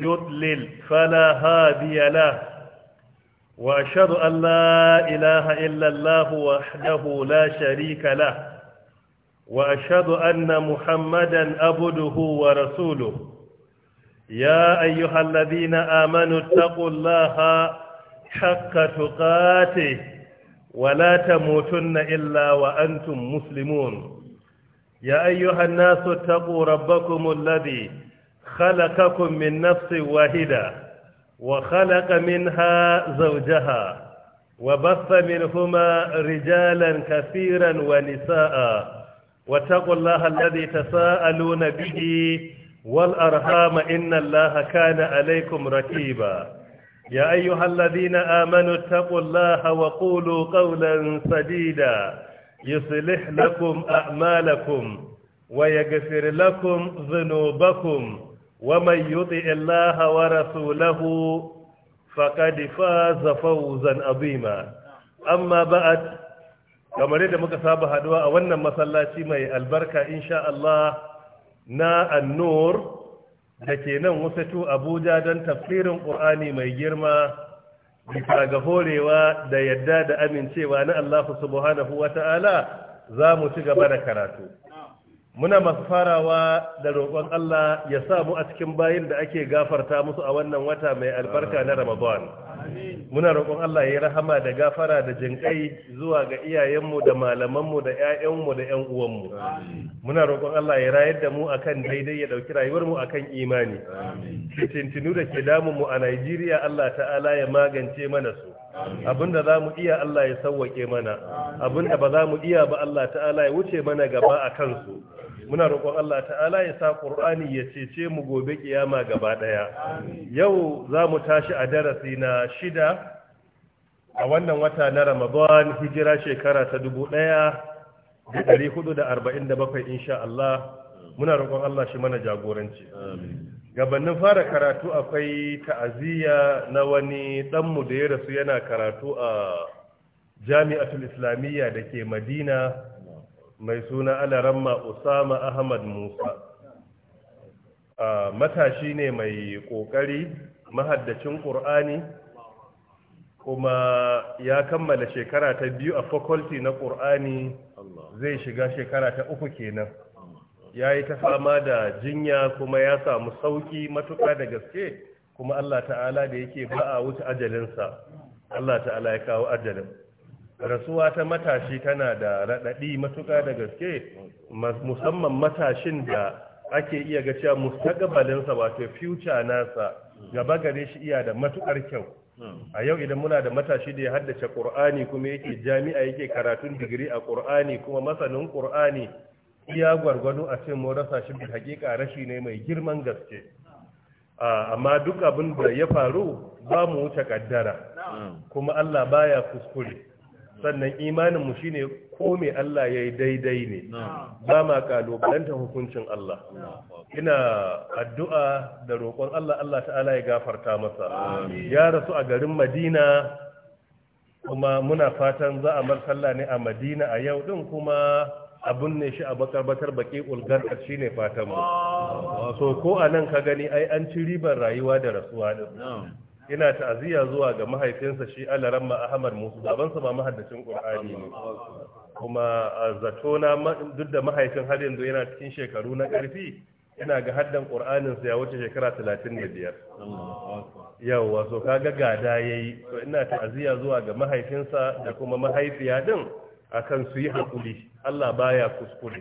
يضلل فلا هادي له وأشهد أن لا إله إلا الله وحده لا شريك له وأشهد أن محمدا أبده ورسوله يا أيها الذين آمنوا اتقوا الله حق تقاته ولا تموتن إلا وأنتم مسلمون يا أيها الناس اتقوا ربكم الذي خلقكم من نفس واحدة وخلق منها زوجها وبث منهما رجالا كثيرا ونساء واتقوا الله الذي تساءلون به والأرحام إن الله كان عليكم ركيبا يا أيها الذين آمنوا اتقوا الله وقولوا قولا سديدا يصلح لكم أعمالكم ويغفر لكم ذنوبكم ومن يطع الله ورسوله فقد فاز فوزا عظيما اما بعد kamar yadda muka saba haduwa a wannan masallaci mai albarka insha Allah na annur da ke nan wasatu Abuja don tafsirin Qur'ani mai girma bisa ga horewa da yadda da amincewa na Allah subhanahu wata'ala za mu ci gaba da karatu muna masu farawa da roƙon Allah ya sa mu a cikin bayin da ake gafarta musu a wannan wata mai albarka na Ramadan. Muna roƙon Allah ya rahama da gafara da jinƙai zuwa ga iyayenmu da malamanmu da 'ya'yanmu da 'yan uwanmu. Muna roƙon Allah ya rayar da mu akan daidai ya ɗauki rayuwarmu akan imani. Fitintinu da ke damun mu a Najeriya Allah ta'ala ya magance mana su. abinda za mu iya Allah ya sauwake mana abinda ba za mu iya ba Allah ta'ala ya wuce mana gaba a kansu muna roƙon Allah ta'ala ya sa Qur'ani ya cece mu gobe kiyama gaba ɗaya. yau za mu tashi a darasi na shida a wannan wata na Ramadan hijira shekara ta 1447 insha Allah muna roƙon Allah shi mana jagoranci gabanin fara karatu akwai ta'aziyya na wani ɗanmu da ya rasu yana karatu a jami'atul islamiyya da ke madina mai suna alaramma usama ahmad musa matashi ne mai ƙoƙari mahaddacin ƙur'ani kuma ya kammala shekara ta biyu a faculty na ƙur'ani zai shiga shekara ta uku kenan ya yi ta fama da jinya kuma ya samu sauƙi matuƙa da gaske kuma allah ta'ala da yake ba a wuce ajalinsa allah ta'ala ya kawo ajalin rasuwa ta matashi tana da raɗaɗi matuƙa da gaske musamman matashin da ake iya ga cewa mustaqbalinsa wato future nasa gaba gare shi iya da matuƙar kyau a yau idan muna da matashi da ya haddace Qur'ani kuma yake jami'a yake karatun digiri a Qur'ani kuma masanin Qur'ani iya gwargwado a ce mu rasa shi da hakika rashi ne mai girman gaske amma duk abin da ya faru ba mu wuce kaddara kuma Allah baya kuskure sannan imanin mu shine ko me Allah yayi daidai ne ba ma kalubalanta hukuncin Allah ina addu'a da roƙon Allah Allah ta'ala ya gafarta masa ya rasu a garin Madina kuma muna fatan za a mar sallah ne a Madina a yau din kuma abun ne shi a batar baki ulgar shi ne fatan mu so ko anan ka gani ai an ci ribar rayuwa da rasuwa din ina ta'aziyya zuwa ga mahaifinsa shi alaramma ahmad musu babansa ba mahaddacin qur'ani ne kuma zato na duk da mahaifin har yanzu yana cikin shekaru na karfi ina ga haddan qur'anin sa ya wuce shekara 35 yawa so kaga gada yayi to ina ta'aziyya zuwa ga mahaifinsa da kuma mahaifiya din akan su yi hakuri Allah baya kuskure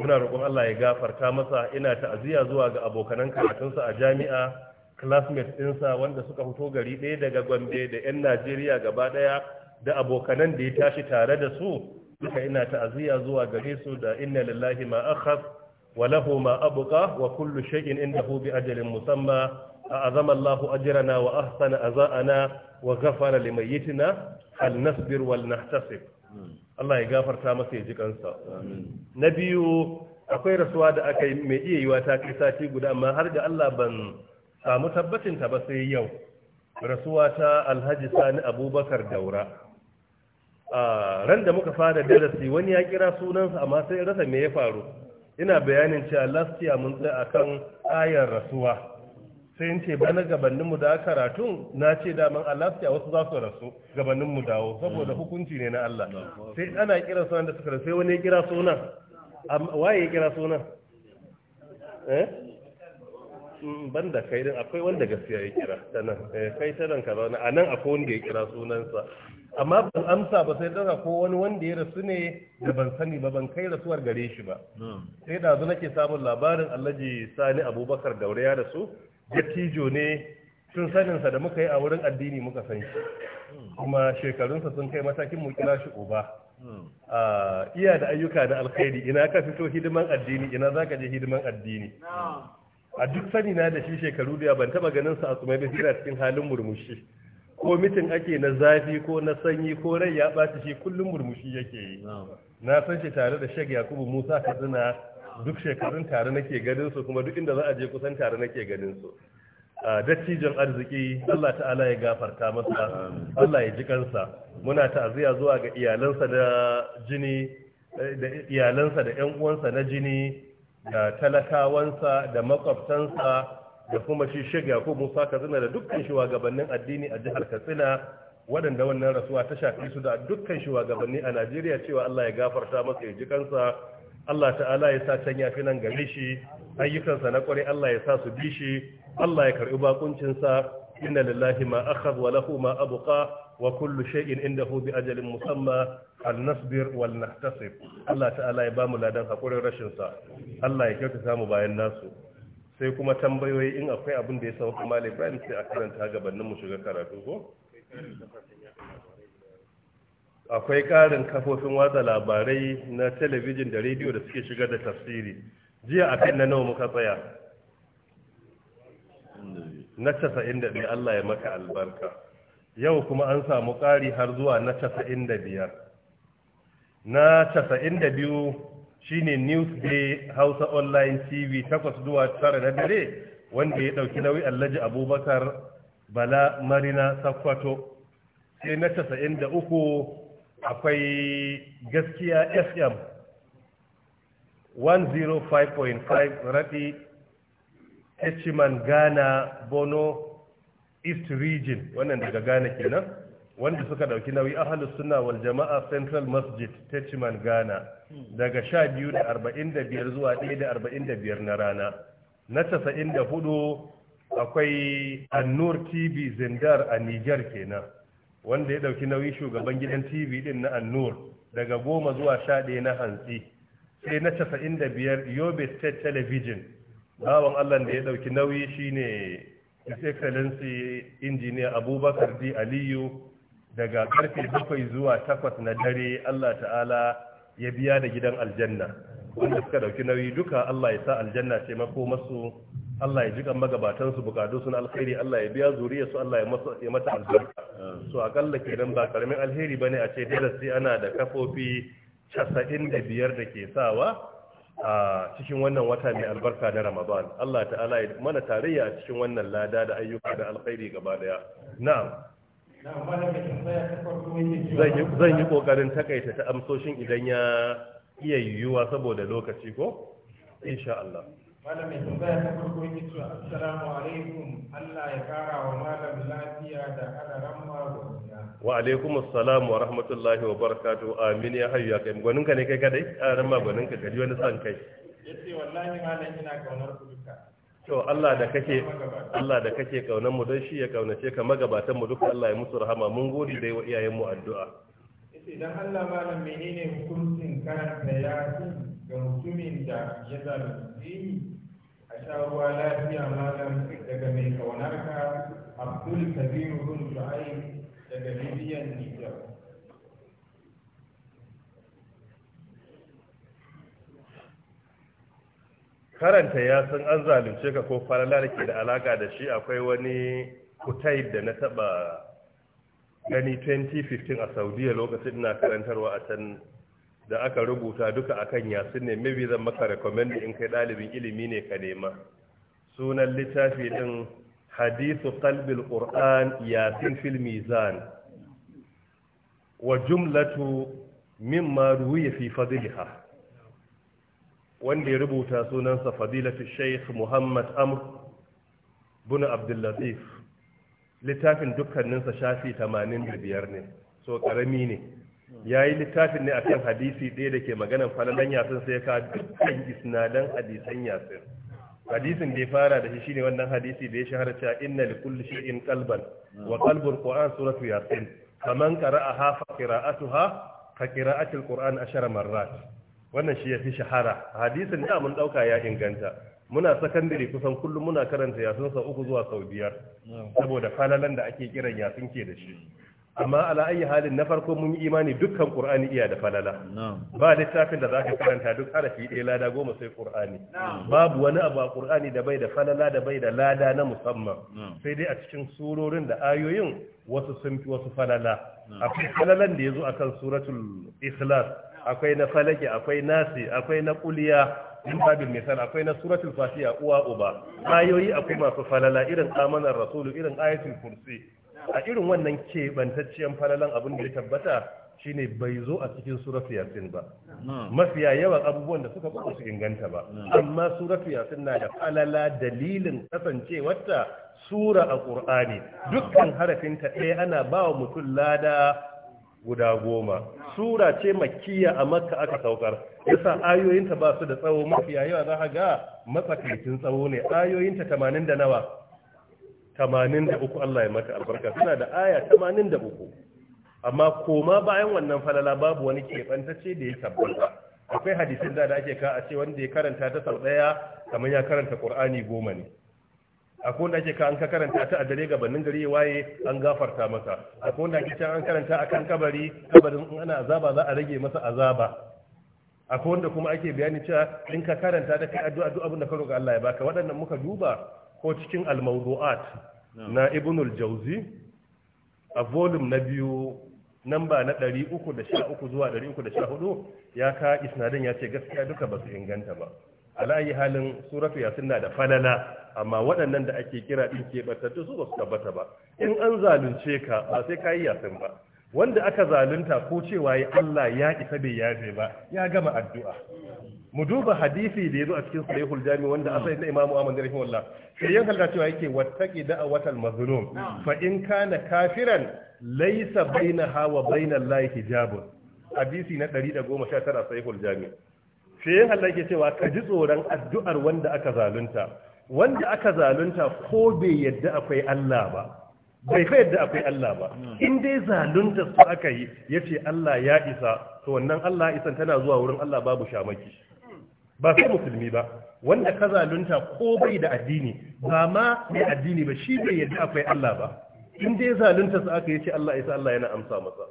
muna roƙon Allah ya gafarta masa ina ta'aziyya zuwa ga abokanan karatunsa a jami'a classmates ɗinsa wanda suka fito gari ɗaya daga gombe da 'yan najeriya gaba ɗaya da abokanan da ya tashi tare da su duka ina ta'aziyya zuwa gare su da inna lillahi ma akhaf wa lahu ma abqa wa kullu shay'in indahu bi ajalin musamma a'azama Allahu ajrana wa ahsana azana wa ghafara limayyitina hal nasbir wal nahtasib Allah ya gafarta masa ya ji kansa na biyu akwai rasuwa da aka yi mai iya yiwa ta kai sati guda amma har da Allah ban samu tabbacinta ba sai yau rasuwa ta alhaji sani abubakar daura ran da muka fara darasi wani ya kira sunansa amma sai rasa me ya faru ina bayanin cewa last year mun tsaya akan ayar rasuwa sai in ce bana gabanin mu da karatun na ce daman a last year wasu za su rasu gabanin mu dawo saboda hmm. hukunci ne na Allah sai ana kira sunan da suka rasu sai wani ya kira sunan waye ya kira sunan eh ban da kai akwai wanda gaskiya ya kira ta nan eh, kai ta nan kaza A nan akwai wanda ya kira sunansa amma ban amsa ba sai daga ko wani wanda ya rasu ne da ban sani ba ban kai rasuwar gare shi ba hmm. sai da nake samun labarin Alhaji Sani Abubakar Daure ya rasu dattijo ne tun saninsa da muka yi a wurin addini muka san shi hmm. kuma shekarunsa sun kai matakin mu kira shi uba hmm. iya da ayyuka na alkhairi ina ka fito hidiman addini ina zaka je hidiman addini a duk sani na da shi shekaru da ban taba ganin sa a tsumai ba a cikin halin murmushi ko mitin ake na zafi ko na sanyi ko rai ya baci shi kullum murmushi yake yi na san shi tare da shag yakubu musa Kaduna duk shekarun tare nake ganin su kuma duk inda za a je kusan tare nake ganin su dattijon arziki Allah ta'ala ya gafarta masa Allah ya ji kansa muna ta'aziya zuwa ga iyalansa da jini eh, da iyalansa da ƴan uwansa na jini da talakawansa da makwabtansa da kuma shi shiga ko musa katsina da dukkan shugabannin addini a jihar katsina waɗanda wannan rasuwa ta shafi su da dukkan shugabanni a najeriya cewa allah ya gafarta masa ya ji kansa allah ta'ala ya sa can ya fi nan gare shi ayyukansa na kwarai allah ya sa su bi shi allah ya karɓi bakuncinsa inna lillahi ma akhadha wa lahu ma abqa wa kullu shay'in indahu bi ajalin musamma annasbir wal nahtasib Allah ta'ala ya bamu ladan hakurin rashin sa Allah ya kyautata mu bayan nasu sai kuma tambayoyi in akwai abin da ya sauka Malam Ibrahim sai a karanta gabanin mu shiga karatu ko akwai karin kafofin watsa labarai na talabijin da rediyo da suke shigar da tafsiri jiya akan na nawa muka tsaya na ne Allah ya maka albarka yau kuma an samu ƙari har zuwa na 95 na da 92 shine newsday hausa online tv takwas zuwa 9 na dare wanda ya ɗauki nauyi alhaji abubakar bala marina sakwato sai na da uku akwai gaskiya fm 105.5 raɗi Hechiman Ghana Bono East Region wannan daga Ghana kenan wanda suka dauki nauyi ahlus sunna wal jama'a central masjid techiman ghana daga 12:45 zuwa 1:45 na rana na 94 akwai annur tv zindar a niger kenan wanda ya dauki nauyi shugaban gidan tv din na annur daga goma zuwa 11 na hantsi sai na 95 yobe state television bawan allah da ya dauki nauyi shine his excellency engineer abubakar d aliyu daga karfe bakwai zuwa takwas na dare Allah ta'ala ya biya da gidan aljanna wanda suka dauki nauyi duka Allah ya sa aljanna ce mako masu Allah ya jika magabatan su bukatu sun alkhairi Allah ya biya zuriya su Allah ya mata albarka so akalla kenan ba karamin alheri bane a ce da sai ana da kafofi 95 da ke sawa a cikin wannan wata mai albarka na Ramadan Allah ta'ala ya mana tarayya a cikin wannan lada da ayyuka da alkhairi gaba daya na'am zan yi kokarin takaita ta amsoshin idan ya iya yiwuwa saboda lokaci ko insha Allah malamin tambaya ta farko yake cewa assalamu alaikum Allah ya kara wa malam lafiya da alaran magunguna. wa alaikum assalam wa rahmatullahi wa barakatuh amin ya hayyu ya kai ka ne kai kadai alaran ka gari wani san kai yace wallahi malam ina kaunar ku duka to Allah da kake Allah da kake kaunar mu dan shi ya kaunace ka magabatan mu duka Allah ya musu rahama mun gode da wa iyayen mu addu'a idan Allah malam menene hukuncin karanta yasin ga mutumin da ya zalunci a sha lafiya malam daga mai kaunar ka Abdul Kabir bin Shu'aib daga Libya Nijar karanta ya san an zalunce ka ko falala da ke da alaka da shi akwai wani kutai da na taba gani 2015 a saudiya lokacin ina karantarwa a can da aka rubuta duka akan yasin ne maybe zan maka recommend in kai dalibin ilimi ne ka nema sunan littafi din hadithu qalbil qur'an yasin fil mizan wa jumlatu mimma ruwiya fi fadliha wanda ya rubuta sunansa fadilatu sheikh muhammad amr bin Abdullazif. littafin dukkaninsa shafi 85 ne so karami ne ya yi littafin ne a kan hadisi ɗaya da ke maganan falalan yasin sai ka dukkan isnadan hadisan yasin hadisin da ya fara da shi shine wannan hadisi da ya shahara cewa inna li kulli shay'in qalban wa qalbul qur'an suratu yasin faman qara'aha fa qira'atuha ka qira'atil qur'an ashara marrat wannan shi ya fi shahara hadisin da mun ɗauka ya inganta muna sakandare kusan kullum muna karanta yasun sau uku zuwa sau biyar saboda falalan da ake kiran yasun ke da shi amma ala ayi halin na farko mun yi imani dukkan qur'ani iya da falala ba littafin da zaka karanta duk arafi ɗaya lada goma sai qur'ani babu wani abu a qur'ani da bai da falala da bai da lada na musamman sai dai a cikin surorin da ayoyin wasu sun fi wasu falala akwai falalan da yazo akan suratul ikhlas akwai na falaki akwai nasi akwai na kuliya in babil misal akwai na suratul fatiha uwa uba ayoyi akwai masu falala irin amanar rasulu irin ayatul kursi a irin wannan keɓantacciyar falalan abin da ya tabbata shine bai zo a cikin suratu yasin ba hmm. mafiya yawan abubuwan da suka ba su inganta ba hmm. amma suratu yasin na da falala dalilin kasancewarta sura a ƙur'ani dukkan harafinta ɗaya ana ba wa mutum lada guda goma sura ce Makiya a makka aka saukar yasa ayoyinta ba su da tsawo mafi yawa za ga matsakaicin tsawo ne ayoyinta tamanin da nawa tamanin da uku Allah ya mata albarka suna da aya tamanin da uku amma koma bayan wannan falala babu wani keɓantacce da ya tabbata akwai hadisin da ake ka a ce wanda ya karanta ta sau ɗaya kamar ya karanta Kur'ani goma ne akwai wanda ake ka an ka karanta ta a dare gabanin gari ya waye an gafarta masa akwai wanda ake can karanta akan kabari kabarin in ana azaba za a rage masa azaba akwai wanda kuma ake bayani cewa in ka karanta ta kai addu'a duk abin da ka roƙa Allah ya baka waɗannan muka duba ko cikin al-mawdu'at na Ibn al-Jawzi a volume na biyu namba na 313 zuwa 314 ya ka isnadin ya ce gaskiya duka ba su inganta ba ala halin suratu yasin na da falala amma waɗannan da ake kira ɗin keɓantattu su ba su tabbata ba in an zalunce ka ba sai ka yi yasin ba wanda aka zalunta ko cewa ya Allah ya isa bai yafe ba ya gama addu'a mu duba hadisi da yazo a cikin sahihul jami wanda asali da imamu Ahmad rahimahullah sai yan halda cewa yake wattaqi da'awatal mazlum fa in kana kafiran laysa bainaha wa bainallahi hijabun hadisi na 119 sahihul jami sai yan halda yake cewa ka ji tsoron addu'ar wanda aka zalunta wanda aka zalunta ko bai yadda akwai Allah ba bai fa yadda akwai Allah ba in dai zalunta su aka yi yace Allah ya isa to wannan Allah isan tana zuwa wurin Allah babu shamaki ba sai musulmi ba wanda ka zalunta ko bai da addini ba ma mai addini ba shi bai yadda akwai Allah ba in dai zalunta su aka yace Allah isa Allah yana amsa masa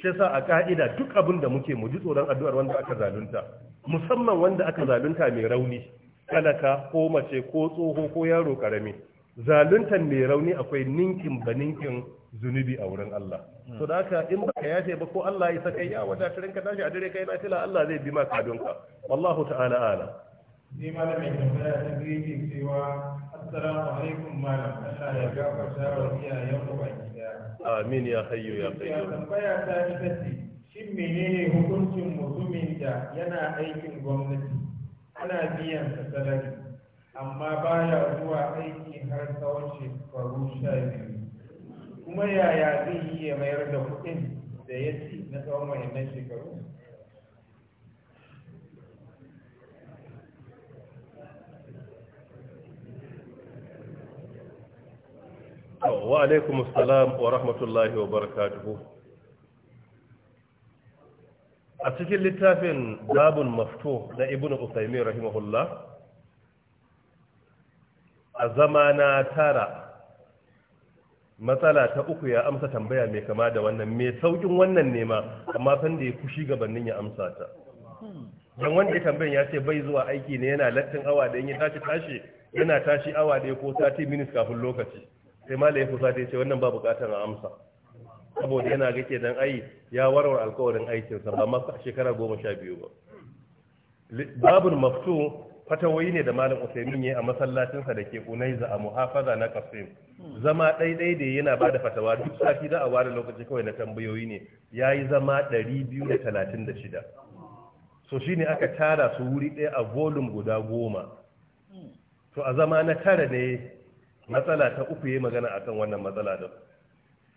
shi yasa a ka'ida duk abin da muke mu ji tsoron addu'ar wanda aka zalunta musamman wanda aka zalunta mai rauni talaka ko mace ko tsoho ko yaro karami zaluntar mai rauni akwai ninkin ba ninkin zunubi a wurin Allah so hmm. da haka in baka yafe ba ko Allah ya saka ya wadatar ka tashi a dare kai na tila Allah zai bi ma kadunka wallahu ta'ala ala ni malamin da ta tabbiki cewa assalamu alaikum malam Allah ya gafarta wa iyayen ku baki amin ya hayyu ya qayyum tambaya ta ita ce shin menene hukuncin mutumin da yana aikin gwamnati ana biyan sa sarari amma baya zuwa aiki har tsawon shekaru sha biyu kuma yaya zai yi ya mayar da kuɗin da ya ci na tsawon wahimman shekaru wa alaikum salam wa rahmatullahi wa barakatuhu a cikin littafin babun mafto na ibn usaimin rahimahullah a zama na tara matsala ta uku ya amsa tambaya mai kama da wannan mai saukin wannan nema amma fan da ya kushi gabanin ya amsa ta don wanda ya tambayin ya ce bai zuwa aiki ne yana lattin awa da ya tashi tashi yana tashi awa da ya ko 30 minutes kafin lokaci sai ma ya kusa ce wannan ba bukatar a amsa saboda yana ga dan ai ya warware alkawarin aikinsa ba masa shekara goma sha biyu ba babul maftu fatawai ne da malam usaimin ya a masallacinsa da ke unaiza a muhafaza na kafin zama daidai da yana ba da fatawa duk sati da a ware lokaci kawai na tambayoyi ne ya yi zama 236 so shine aka tara su wuri ɗaya a volume guda goma to a zama na tara ne matsala ta uku ya magana akan wannan matsala da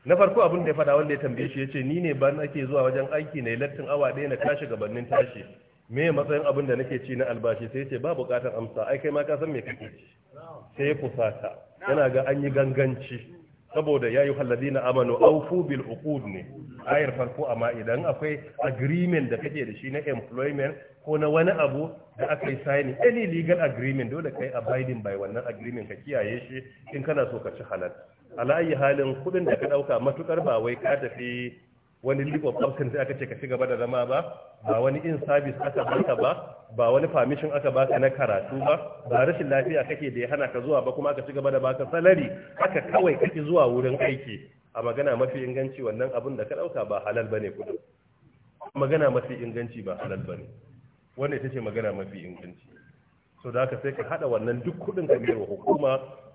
na farko abin da ya faɗa wanda ya tambaye shi ya ce ni ne ba ke zuwa wajen aiki na lattin awa ɗaya na tashi gabanin tashi me matsayin abin da nake ci na albashi sai ce ba buƙatar amsa ai kai ma ka san me kake ci sai kusata yana ga an yi ganganci saboda ya yi na amano aufu bil uqud ne ayar farko amma idan akwai agreement da kake da shi na employment ko na wani abu da aka yi signing any legal agreement dole kai abiding by wannan agreement ka kiyaye shi in kana so ka ci halal alayi halin kudin da ka dauka matukar ba wai ka tafi wani leap of sai aka ce ka ci gaba da zama ba ba wani in service aka baka ba ba wani permission aka baka na karatu ba ba rashin lafiya kake da ya hana ka zuwa ba kuma aka ci gaba da baka salari haka kawai kake zuwa wurin aiki a magana mafi inganci wannan abun da ka dauka ba halal bane kudin magana mafi inganci ba halal bane Wannan ita ce magana mafi inganci so da haka sai ka hada wannan duk kudin ka wa hukuma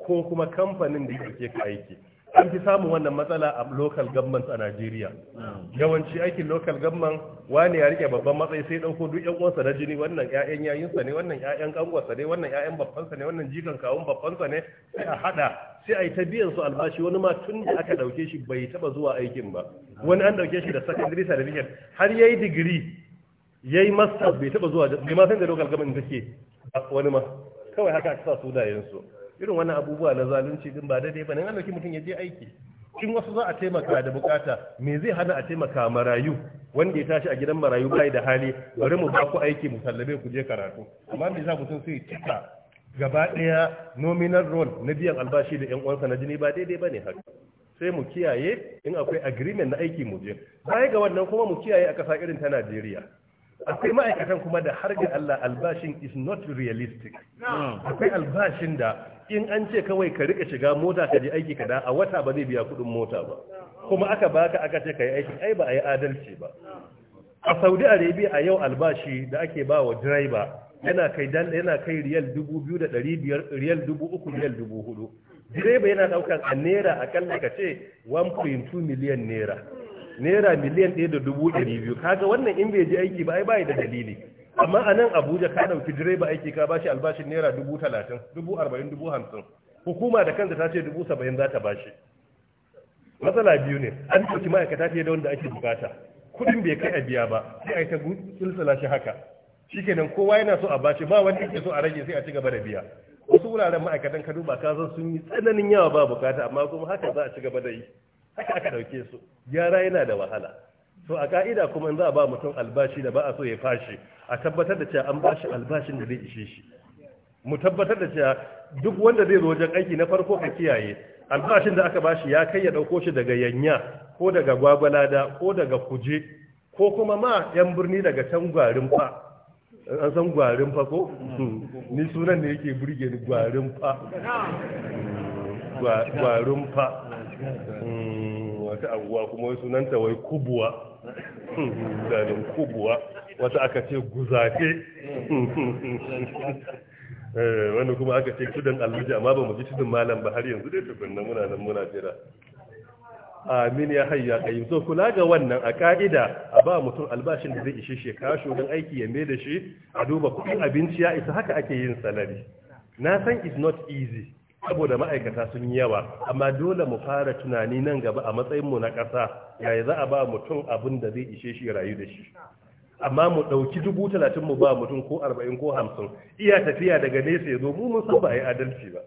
ko kuma kamfanin da yake ka aiki an fi samun wannan matsala a local government a Najeriya yawanci aikin local government wani ya rike babban matsayi sai dauko duk yan uwansa na jini wannan ƴaƴan yayinsa ne wannan ƴaƴan kangwarsa ne wannan ƴaƴan babbansa ne wannan jikan kawun babbansa ne sai a hada sai a yi ta biyan su albashi wani ma tun da aka dauke shi bai taba zuwa aikin ba wani an dauke shi da secondary certificate har yayi degree yayi masters bai taba zuwa bai ma san da local government take wani ma kawai haka aka sa su da yansu irin wannan abubuwa na zalunci din ba daidai ba ne an dauki mutum ya je aiki in wasu za a taimaka da bukata me zai hana a taimaka marayu wanda ya tashi a gidan marayu bai da hali bari mu ba ku aiki mu sallabe ku je karatu amma me yasa mutum sai cika gaba daya nominal role na biyan albashi da yan uwansa na jini ba daidai bane haka sai mu kiyaye in akwai agreement na aiki mu je bai ga wannan kuma mu kiyaye a kasa irin ta Najeriya akwai ma'aikatan kuma da har ga Allah albashin is not realistic akwai albashin da in an ce kawai ka rika shiga mota ka je aiki kada a wata ba zai biya kudin mota ba kuma aka baka aka ce ka aiki ai ba a yi adalci ba a saudi arabia a yau albashi da ake ba wa direba yana kai dan yana kai riyal 2500 riyal 3000 riyal 4000 direba yana ɗaukar a naira akalla ka ce 1.2 miliyan naira naira miliyan Ka kaga wannan in bai je aiki ba ai bai da dalili amma a nan abuja ka ɗauki direba aiki ka bashi albashin naira dubu talatin dubu arba'in dubu hamsin hukuma da kanta ta ce dubu saba'in za ta bashi matsala biyu ne an ɗauki ma'aikata fiye da wanda ake bukata kuɗin bai kai a biya ba sai a yi ta tsultsula shi haka shikenan kowa yana so a bashi ba wanda yake so a rage sai a ci gaba da biya wasu wuraren ma'aikatan ka duba ka san sun yi tsananin yawa ba bukata amma kuma haka za a ci gaba da yi haka aka ɗauke su gyara yana da wahala to a ka'ida kuma za a ba mutum albashi da ba a so ya fashi a tabbatar da cewa an ba shi albashin da zai ishe shi mu tabbatar da cewa duk wanda zai zo wajen aiki na farko ka kiyaye albashin da aka ba shi ya kai ya dauko shi daga yanya ko daga gwagwalada ko daga kuje ko kuma ma yan birni daga can gwarin fa an san gwarin fa ko hmm. ni sunan ne yake burge ni gwarin fa gwarin fa hmm. wata abuwa kuma wai sunanta wai kubuwa zalim kubuwa wata aka ce guzafe eh, Wani kuma aka ce tudun alluja amma ba mu ji tudun malam ba har yanzu dai nan muna nan muna jira amin ya hayya kai so kula ga wannan a ka'ida a ba mutum albashin da zai ishe shi kasho don aiki ya mai da shi a duba kuɗin abinci ya isa haka ake yin salari na san is not easy saboda ma'aikata sun yi yawa amma dole mu fara tunani nan gaba a matsayinmu na ƙasa yaya za a ba mutum abin da zai ishe shi rayu da shi amma mu ɗauki dubu talatin mu ba mutum ko arba'in ko hamsin iya tafiya daga nesa ya zo mu mun san ba a yi adalci ba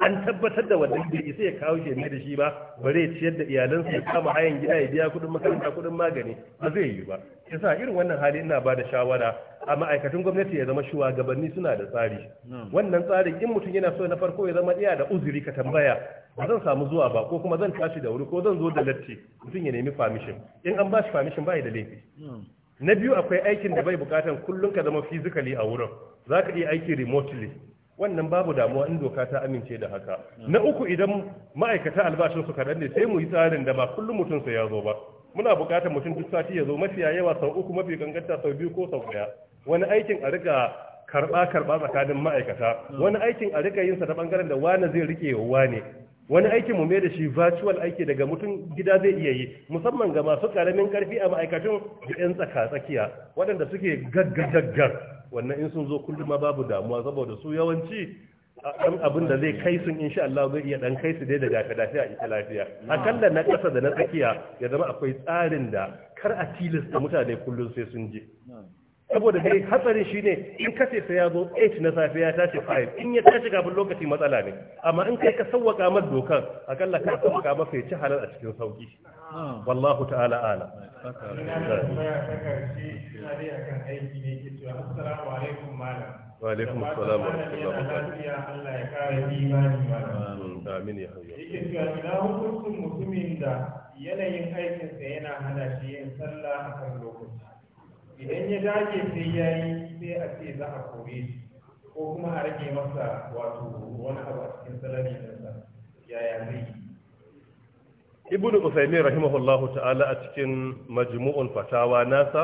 an tabbatar da wannan bai isa ya kawo shi ne da shi ba bare ya ciyar da iyalansa ya kama hayan gida ya biya kudin makaranta kudin magani ba zai yi ba yasa irin wannan hali ina bada shawara a ma'aikatan gwamnati ya zama shugabanni suna da tsari wannan tsarin in mutum yana so na farko ya zama iya da uzuri ka tambaya ba zan samu zuwa ba ko kuma zan tashi da wuri ko zan zo da latti mutum ya nemi permission in an ba shi permission ba da laifi na biyu akwai aikin da bai bukatan kullum ka zama physically a wurin za ka iya aiki remotely wannan babu damuwa in doka ta amince da haka na uku idan ma'aikata albashin su kaɗan ne sai mu yi tsarin da ba kullum mutum sai ya zo ba muna buƙatar mutum duk sati ya zo mafi yawa sau uku mafi ganganta sau biyu ko sau ɗaya wani aikin a riƙa karɓa karɓa tsakanin ma'aikata wani aikin a riƙa yin sa ta bangaren da wani zai rike wa wane wani aikin mu mai da shi virtual aiki daga mutum gida zai iya yi musamman ga masu karamin karfi a ma'aikatun da yan tsaka tsakiya waɗanda suke gaggagaggar wannan in sun zo kullum babu damuwa saboda su yawanci ɗan abin da zai kai sun insha Allah zai iya ɗan kai su dai da dafe dafe a ita lafiya akalla na ƙasa da na tsakiya ya zama akwai tsarin da kar a tilasta mutane kullum sai sun je saboda dai hatsari ne, in ka ce sai ya zo 8 na safe ya tashi 5 in ya tashi kafin lokaci matsala ne amma in kai ka sawwaka mar dokan akalla ka sawwaka masa ya ci halal a cikin sauki wallahu ta'ala ala wa alaikum assalam wa rahmatullahi wa barakatuh amin ya hayya yake cewa ina hukuncin mutumin yanayin aikinsa yana hana shi yin sallah akan lokaci idan ya dace sai ya yi sai a ce za a kore shi ko kuma a rage masa wato wani abu a cikin salari nasa yaya zai yi ibn usaimin rahimahullah ta'ala a cikin majmu'un fatawa nasa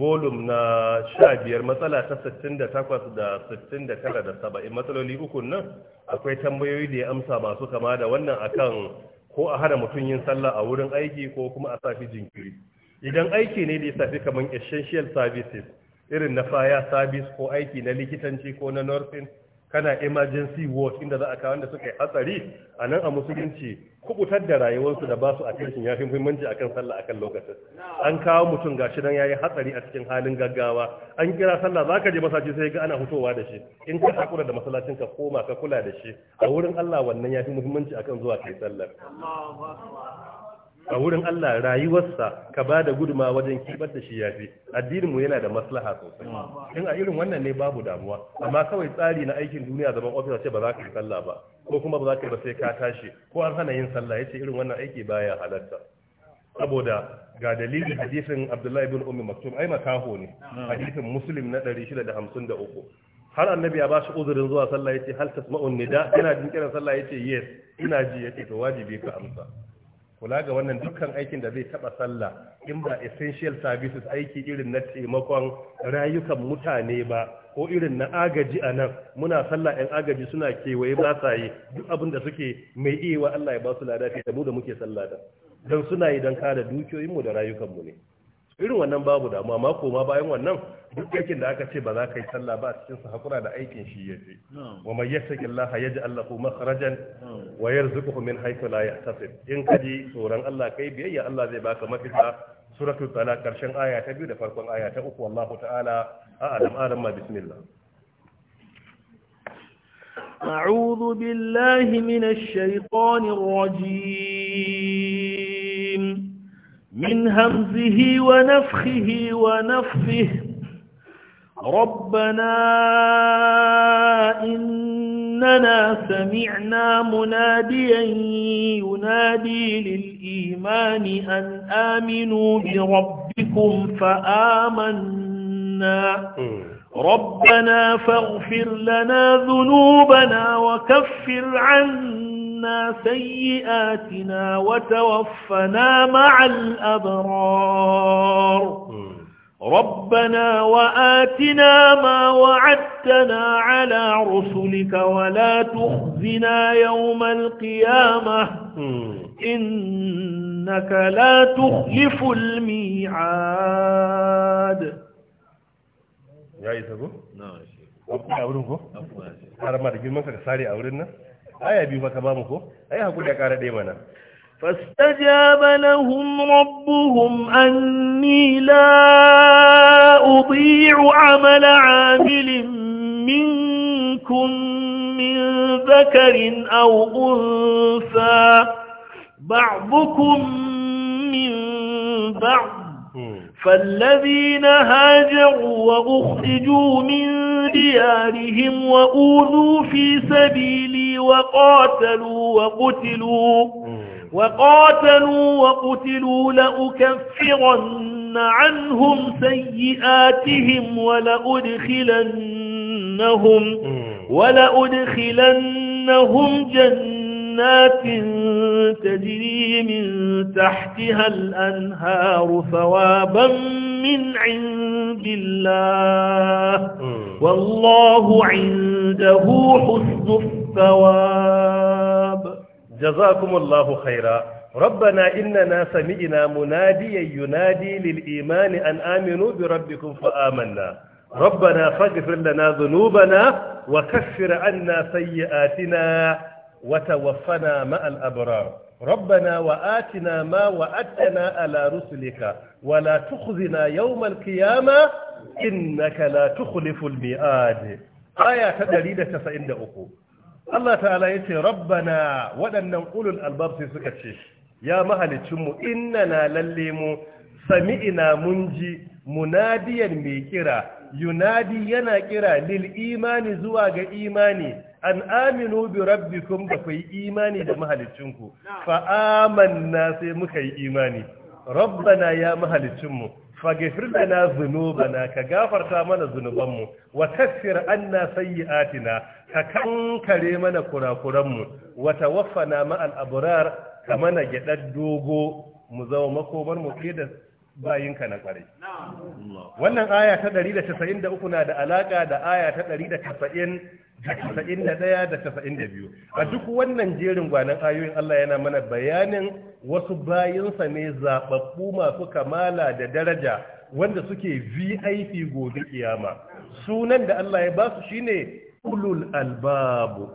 volum na sha biyar matsala ta 68 da 69 da 70 matsaloli ukun nan akwai tambayoyi da ya amsa masu kama da wannan akan ko a hana mutum yin sallah a wurin aiki ko kuma a sa shi jinkiri idan aiki ne da ya safi kamar essential services irin na fire service ko aiki na likitanci ko na nursing kana emergency ward inda za a kawo wanda suka yi hatsari a nan a musulunci kubutar da rayuwarsu da ba su a cikin yafi muhimmanci a kan sallah a kan lokacin an kawo mutum ga shi nan ya yi hatsari a cikin halin gaggawa an kira sallah za ka je masaci sai ga ana hutowa da shi in ka hakura da masallacin ka koma ka kula da shi a wurin allah wannan yafi fi muhimmanci akan zuwa kai sallah a wurin Allah rayuwarsa ka ba da guduma wajen kibar da shi ya fi addinin mu yana da maslaha sosai in a irin wannan ne babu damuwa amma kawai tsari na aikin duniya zaman ofis ce ba za ka yi sallah ba ko kuma ba za ka yi ba sai ka tashi ko an hana yin sallah yace irin wannan aiki baya halatta saboda ga dalilin hadisin Abdullahi ibn Ummi Maktum ai makaho ne hadisin Muslim na 653 har annabi ya ba shi uzurin zuwa sallah yace hal tasma'un nida ina jin kiran sallah yace yes ina ji yace to wajibi ka amsa kula ga wannan dukkan aikin da zai taba sallah in ba essential services aiki irin na taimakon rayukan mutane ba ko irin na agaji a nan muna sallah yan agaji suna kewaye ba sa yi duk abin da suke mai iya Allah ya ba su ladafi da mu da muke sallah da don suna yi don dukiyoyin dukiyoyinmu da rayukanmu ne irin wannan babu damuwa ma ko ma bayan wannan duk aikin da aka ce ba za ka yi sallah ba a cikin sa hakura da aikin shi ya je wa yasa yattaqillaha yaji allahu makhrajan wa yarzuquhu min haythu la yahtasib in kaji tsoron Allah kai biyayya Allah zai baka mafita suratul talaq karshen aya ta biyu da farkon aya ta uku wallahu ta'ala a'lam a'lam ma bismillah أعوذ بالله من الشيطان الرجيم من همزه ونفخه ونفخه ربنا إننا سمعنا مناديا ينادي للإيمان أن آمنوا بربكم فآمنا ربنا فاغفر لنا ذنوبنا وكفر عنا عنا سيئاتنا وتوفنا مع الأبرار ربنا وآتنا ما وعدتنا على رسلك ولا تخزنا يوم القيامة إنك لا تخلف الميعاد ya isa ko? na shi. Akwai a wurin ko? Akwai a shi. aya biyu fa ka bamu ko ai hakuri da kara dai mana fastajaba lahum rabbuhum amala 'amilin minkum min dhakarin unsa ba'dukum min ba'd فالذين هاجروا وأخرجوا من ديارهم وأوذوا في سبيل وقاتلوا وقتلوا وقاتلوا وقتلوا لأكفرن عنهم سيئاتهم ولأدخلنهم ولأدخلنهم جنات جنات تجري من تحتها الأنهار ثوابا من عند الله والله عنده حسن الثواب جزاكم الله خيرا ربنا إننا سمعنا مناديا ينادي للإيمان أن آمنوا بربكم فآمنا ربنا فاغفر لنا ذنوبنا وكفر عنا سيئاتنا وتوفنا مع الأبرار ربنا وآتنا ما وعدتنا على رسلك ولا تخزنا يوم القيامة إنك لا تخلف الميعاد آية تدريد تسعين أخو الله تعالى يتي ربنا ولن نقول الألباب سيسكتشي يا مهل تشمو إننا لليمو سمئنا منجي مناديا ميكرا ينادي ينا كرا للإيمان زواج إيماني an aminu bi rabbikum ba ku imani da mahalicinku fa amanna sai muka yi imani rabbana ya mahalicinmu faghfir lana dhunubana ka gafarta mana mu. wa kaffir anna sayyi'atina ka kankare mana kurakuranmu wa tawaffana al abrar ka mana gyaɗar dogo mu zama makomar mu ke da bayinka na kwarai wannan aya ta 193 na da alaka da aya ta 190 da kasa'in da ɗaya a duk wannan jerin gwanan ayoyin Allah yana mana bayanin wasu bayansa ne zaɓaɓɓu masu kamala da daraja wanda suke VIP gobe kiyama sunan da Allah ya ba su shine ulul albabu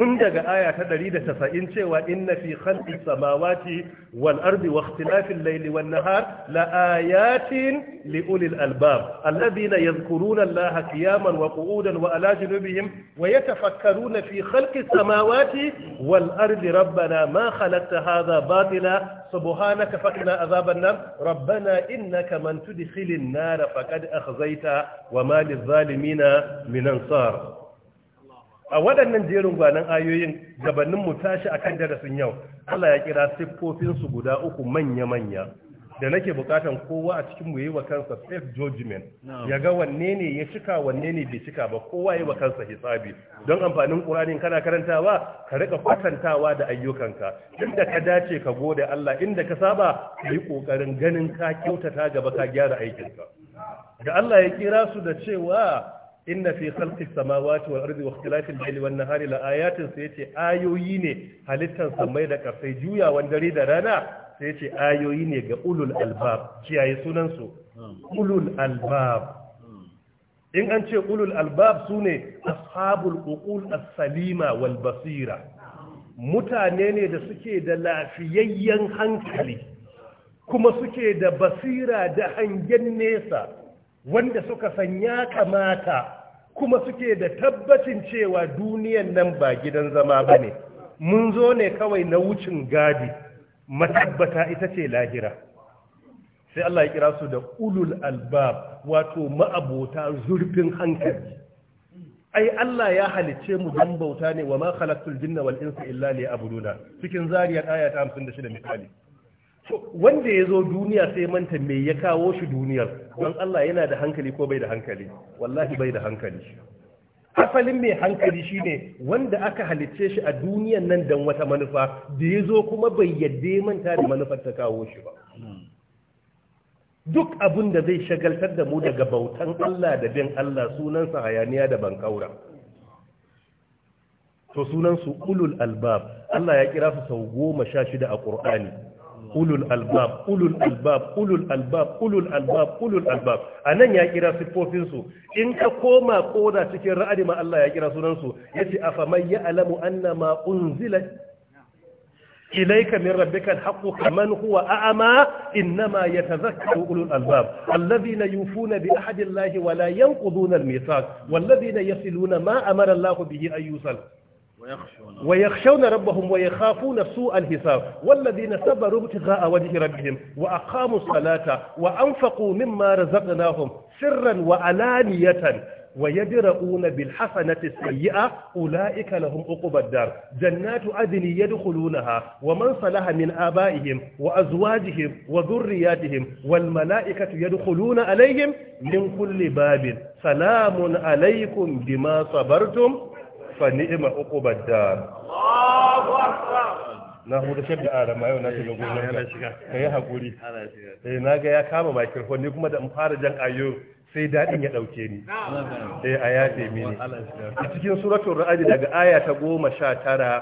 tun daga aya ta ɗari da 190 cewa inna fi halki samawati wal ardi wa ikhtilafil layli wan nahar la ayatin li ulil albab alladhina yadhkuruna allaha qiyaman wa qu'udan wa ala junubihim wa yatafakkaruna fi khalqis samawati wal ardi rabbana ma khalaqta hadha batila subhanaka faqina azaban nar rabbana innaka man tudkhilin nar faqad akhzayta wa ma lil zalimina min ansar a waɗannan jerin gwanan ayoyin gabanin mu tashi a kan darasin yau Allah ya kira siffofinsu guda uku manya-manya da nake bukatan kowa a cikin mu yi wa kansa safe judgment ya ga wanne ne ya cika wanne ne bai cika ba kowa yi wa kansa hisabi don amfanin ƙuranin kana karantawa ka rika kwatantawa da ayyukanka inda ka dace ka gode Allah inda ka saba ka yi ƙoƙarin ganin ka kyautata gaba ka gyara aikinka da Allah ya kira su da cewa inna fi khalqi samawati wal ardi wa ikhtilafil layli wan nahari la ayatin sai yace ayoyi ne halittan samai da kasai juyawan dare da rana sai yace ayoyi ne ga ulul albab kiyaye sunan su ulul albab in an ce ulul albab sune ashabul uqul as-salima wal basira mutane ne da suke da lafiyayyen hankali kuma suke da basira da hangen nesa wanda suka san ya kamata kuma suke da tabbacin cewa duniyan nan ba gidan zama ba ne mun zo ne kawai na wucin gadi matabbata ita ce lahira sai Allah ya kira su da ulul albab wato ma'abota zurfin hankali ai Allah ya halicce mu don bauta ne wa ma khalaqtul jinna wal insa illa liya'buduna cikin zariyar aya ta 56 misali to wanda ya zo duniya sai manta me ya kawo shi duniyar don Allah yana da hankali ko bai da hankali wallahi bai da hankali asalin mai hankali shine wanda aka halicce shi a duniyan nan don wata manufa da ya zo kuma bai yadda manta da manufar ta kawo shi ba duk abin da zai shagaltar da mu daga bautan Allah da bin Allah sunansa hayaniya da bankaura to sunansu ulul albab Allah ya kira su sau goma sha shida a ƙur'ani ulul albab ulul albab ulul albab ulul albab ulul albab anan ya kira siffofin su in ka koma koda cikin ra'adi ma Allah ya kira sunan su yace afaman ya'lamu anna ma unzila ilayka min rabbika alhaqqu kaman huwa a'ma inma yatadhakkaru ulul albab alladhina yufuna bi ahdi allahi wa la yanquduna almithaq walladhina yasiluna ma amara allahu bihi an ويخشون ربهم ويخافون سوء الحساب والذين صبروا ابتغاء وجه ربهم وأقاموا الصلاة وأنفقوا مما رزقناهم سرا وعلانية ويدرؤون بالحسنة السيئة أولئك لهم عقبى الدار جنات عدن يدخلونها ومن صلح من آبائهم وأزواجهم وذرياتهم والملائكة يدخلون عليهم من كل باب سلام عليكم بما صبرتم fa ni'ima uqubad na hudu shadda arama yau na shiga gonar ka yi hakuri eh na ga ya kama microphone ni kuma da in fara jan ayo sai daɗin ya ɗauke ni eh a yafe mini a cikin suratun ra'adi daga aya ta 19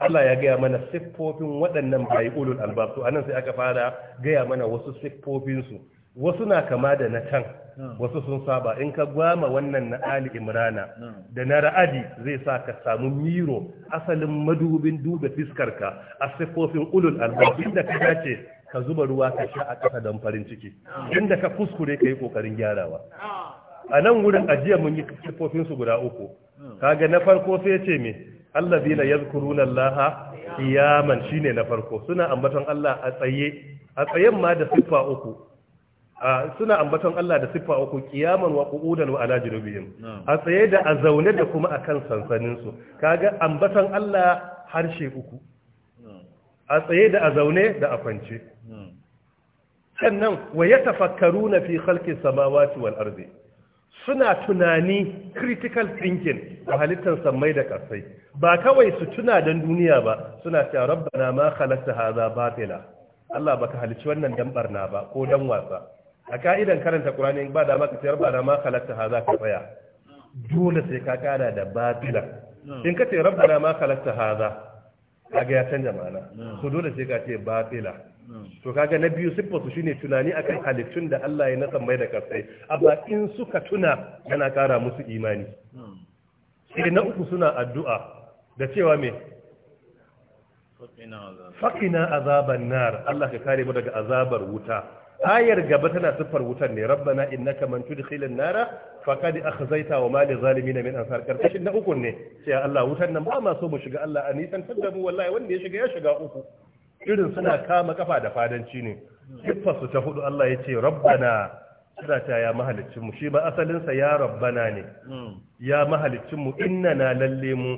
Allah ya gaya mana siffofin waɗannan bayi ulul albab to anan sai aka fara gaya mana wasu siffofinsu wasu na kama da na can wasu sun saba in ka gwama wannan na ali imrana da na ra'adi zai sa ka samu miro asalin madubin duba fiskarka a siffofin ulul albab inda ka dace ka zuba ruwa ka sha a ƙasa don farin ciki inda ka kuskure ka yi ƙoƙarin gyarawa a nan wurin ajiya mun yi siffofinsu guda uku kaga na farko sai ce me Allah na yazkuruna Allah qiyaman shine na farko suna ambaton Allah a tsaye a tsayen ma da siffa uku suna ambaton Allah da siffa uku kiyaman wa qu'udan wa ala jurubihim a tsaye da a zaune da kuma akan sansanin su kaga ambaton Allah harshe uku a tsaye da a zaune da a kwance sannan wa yatafakkaruna fi khalqi samawati wal ardi suna tunani critical thinking a halittar samai da kasai ba kawai su tuna don duniya ba suna cewa rabbana ma khalaqta hadha batila Allah baka halicci wannan dan barna ba ko dan wasa a ka'idan karanta qur'ani ba da ma ka tsayar ba da ma halatta ha za ka tsaya dole sai ka kara da batila in ka ce rabbana ma halatta haza kaga ya canja ma'ana to dole sai ka ce batila to kaga na biyu siffatu shine tunani akan halittun da Allah ya nasa mai da kasai amma in suka tuna yana kara musu imani sai na uku suna addu'a da cewa me Fakina azaban nar Allah ka kare mu daga azabar wuta ayar gaba tana siffar wutar ne rabbana innaka man tudkhilin nara faqad akhzaita wa mal zalimin min ansar karkashin na uku ne sai Allah wutar nan ba ma so mu shiga Allah an nisan taddamu wallahi wanda ya shiga ya shiga uku irin suna kama kafa da fadanci ne siffar su ta hudu Allah ya ce rabbana suna ta ya mahalicin mu shi ba asalin sa ya rabbana ne hmm. ya mahalicin mu innana lalle mu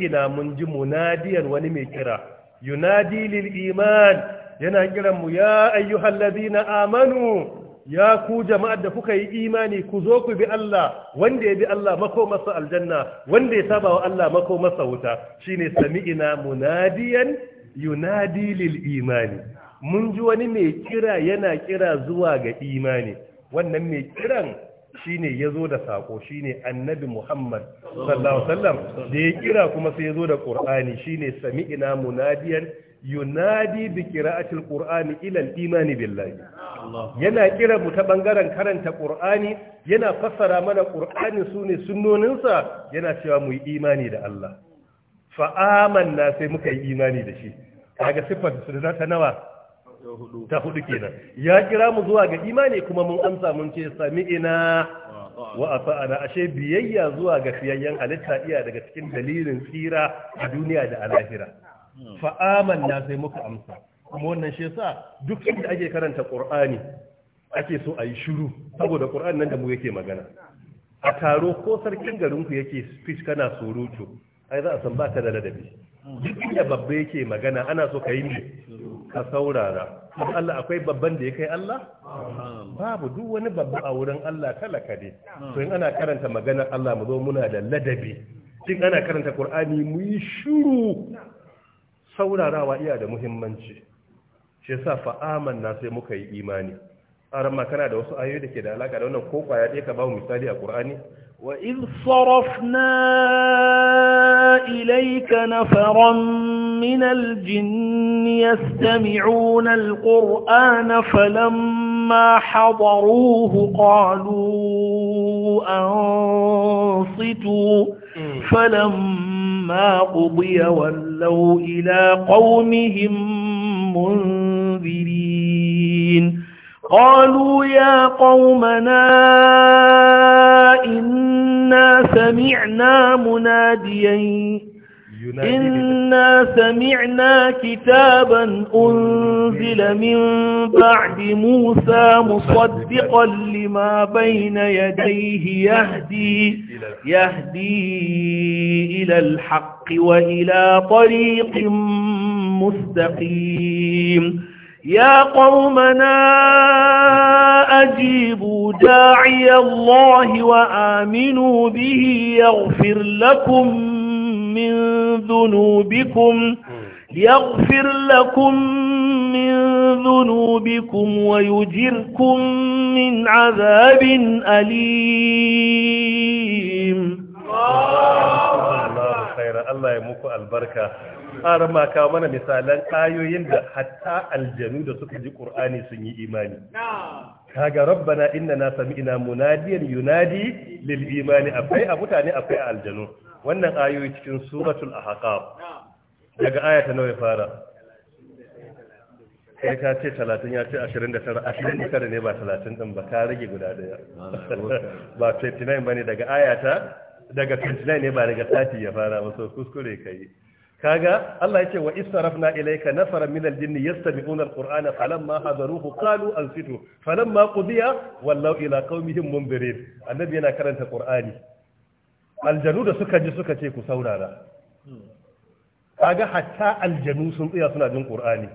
ina mun ji munadiyan wani mai kira yunadi lil iman yana kiran mu ya ayyuhal ladina amanu ya ku jama'ar da kuka yi imani ku zo ku bi Allah wanda ya bi Allah mako masa aljanna wanda ya saba wa Allah mako masa wuta shine sami'ina munadiyan yunadi lil imani mun ji wani mai kira yana kira zuwa ga imani wannan mai kiran shine ya zo da sako shine annabi muhammad sallallahu alaihi wasallam da ya kira kuma sai ya zo da qur'ani shine sami'ina munadiyan yunadi bi qira'atil qur'ani ila al-imani billahi yana kira mu ta bangaren karanta qur'ani yana fassara mana qur'ani sune sunnoninsa yana cewa mu yi imani da Allah fa amanna sai muka yi imani da shi kaga sifar da ta nawa ta hudu kenan ya kira mu zuwa ga imani kuma mun amsa mun ce sami'ina wa ata'ana ashe biyayya zuwa ga siyayyen halitta iya daga cikin dalilin tsira a duniya da a lahira fa na sai muka amsa kuma wannan shi yasa duk inda ake karanta qur'ani ake so a yi shiru saboda qur'ani nan da mu yake magana a taro ko sarkin garin ku yake speech kana surutu ai za a san ba ka da ladabi duk inda babba yake magana ana so ka yi ne ka saurara Allah akwai babban da ya kai Allah babu duk wani babba a wurin Allah kala ne to in ana karanta maganar Allah mu zo muna da ladabi shin ana karanta Qur'ani mu yi shiru saurarawa iya da muhimmanci shi sa fa sai muka yi imani aran makana da wasu ayoyi da ke da alaka da wannan ko kwaya ɗaya ka ba mu misali a ƙur'ani? wa iz sarafna ilayka nafaran min al-jinn yastami'una al-Qur'ana falamma hadaruhu qalu ansitu mm. falamma qudiya wal وَلَّوْا إلى قومهم منذرين قالوا يا قومنا إنا سمعنا مناديا إنا سمعنا كتابا أنزل من بعد موسى مصدقا لما بين يديه يهدي, يهدي إلى الحق وإلى طريق مستقيم يا قومنا أجيبوا داعي الله وآمنوا به يغفر لكم من ذنوبكم يغفر لكم من ذنوبكم ويجركم من عذاب أليم Allah ya muku albarka ƙara ma kawo mana misalan ƙayoyin da hatta aljanu da suka ji ƙur'ani sun yi imani kaga rabbana inna na sami ina munadiyan yunadi lil imani akwai a mutane akwai a aljanu wannan ayoyi cikin suratul ahqaf daga aya ta nawa ya fara kai ka ce 30 ya ce 29 29 ne ba 30 din ba ka rage guda daya ba 29 bane daga aya ta daga 29 ne ba daga 30 ya fara ba so kuskure kai kaga Allah ya ce wa israfna ilayka nafaran min al-jinni yastami'una al-qur'ana falamma hadaruhu qalu ansitu falamma qudiya wallau ila qaumihim munzirin annabi yana karanta qur'ani aljanu da suka ji suka ce ku saurara kaga hatta aljanu sun tsaya suna jin qur'ani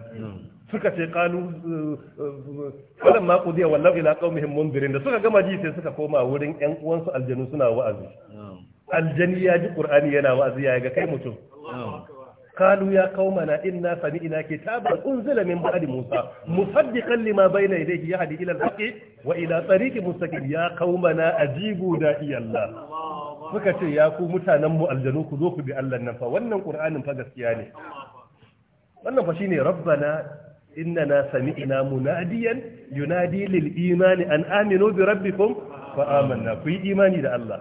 suka ce kalu wannan ma qudiya wallahu ila qaumihim mundirin da suka gama ji sai suka koma wurin ƴan uwansu aljanu suna wa'azi aljani ya ji qur'ani yana wa'azi ya ga kai mutum kalu ya ina inna sami'na kitaban unzila min ba'di musa musaddiqan lima bayna yadayhi yahdi ila al wa ila tariqin mustaqim ya kaumana ajibu da'i allah suka ce ya ku mutanen mu aljanu ku zo ku bi Allah nan fa wannan qur'anin fa gaskiya ne wannan fa shine rabbana innana sami'na munadiyan yunadi lil imani an aminu bi rabbikum fa amanna ku yi imani da Allah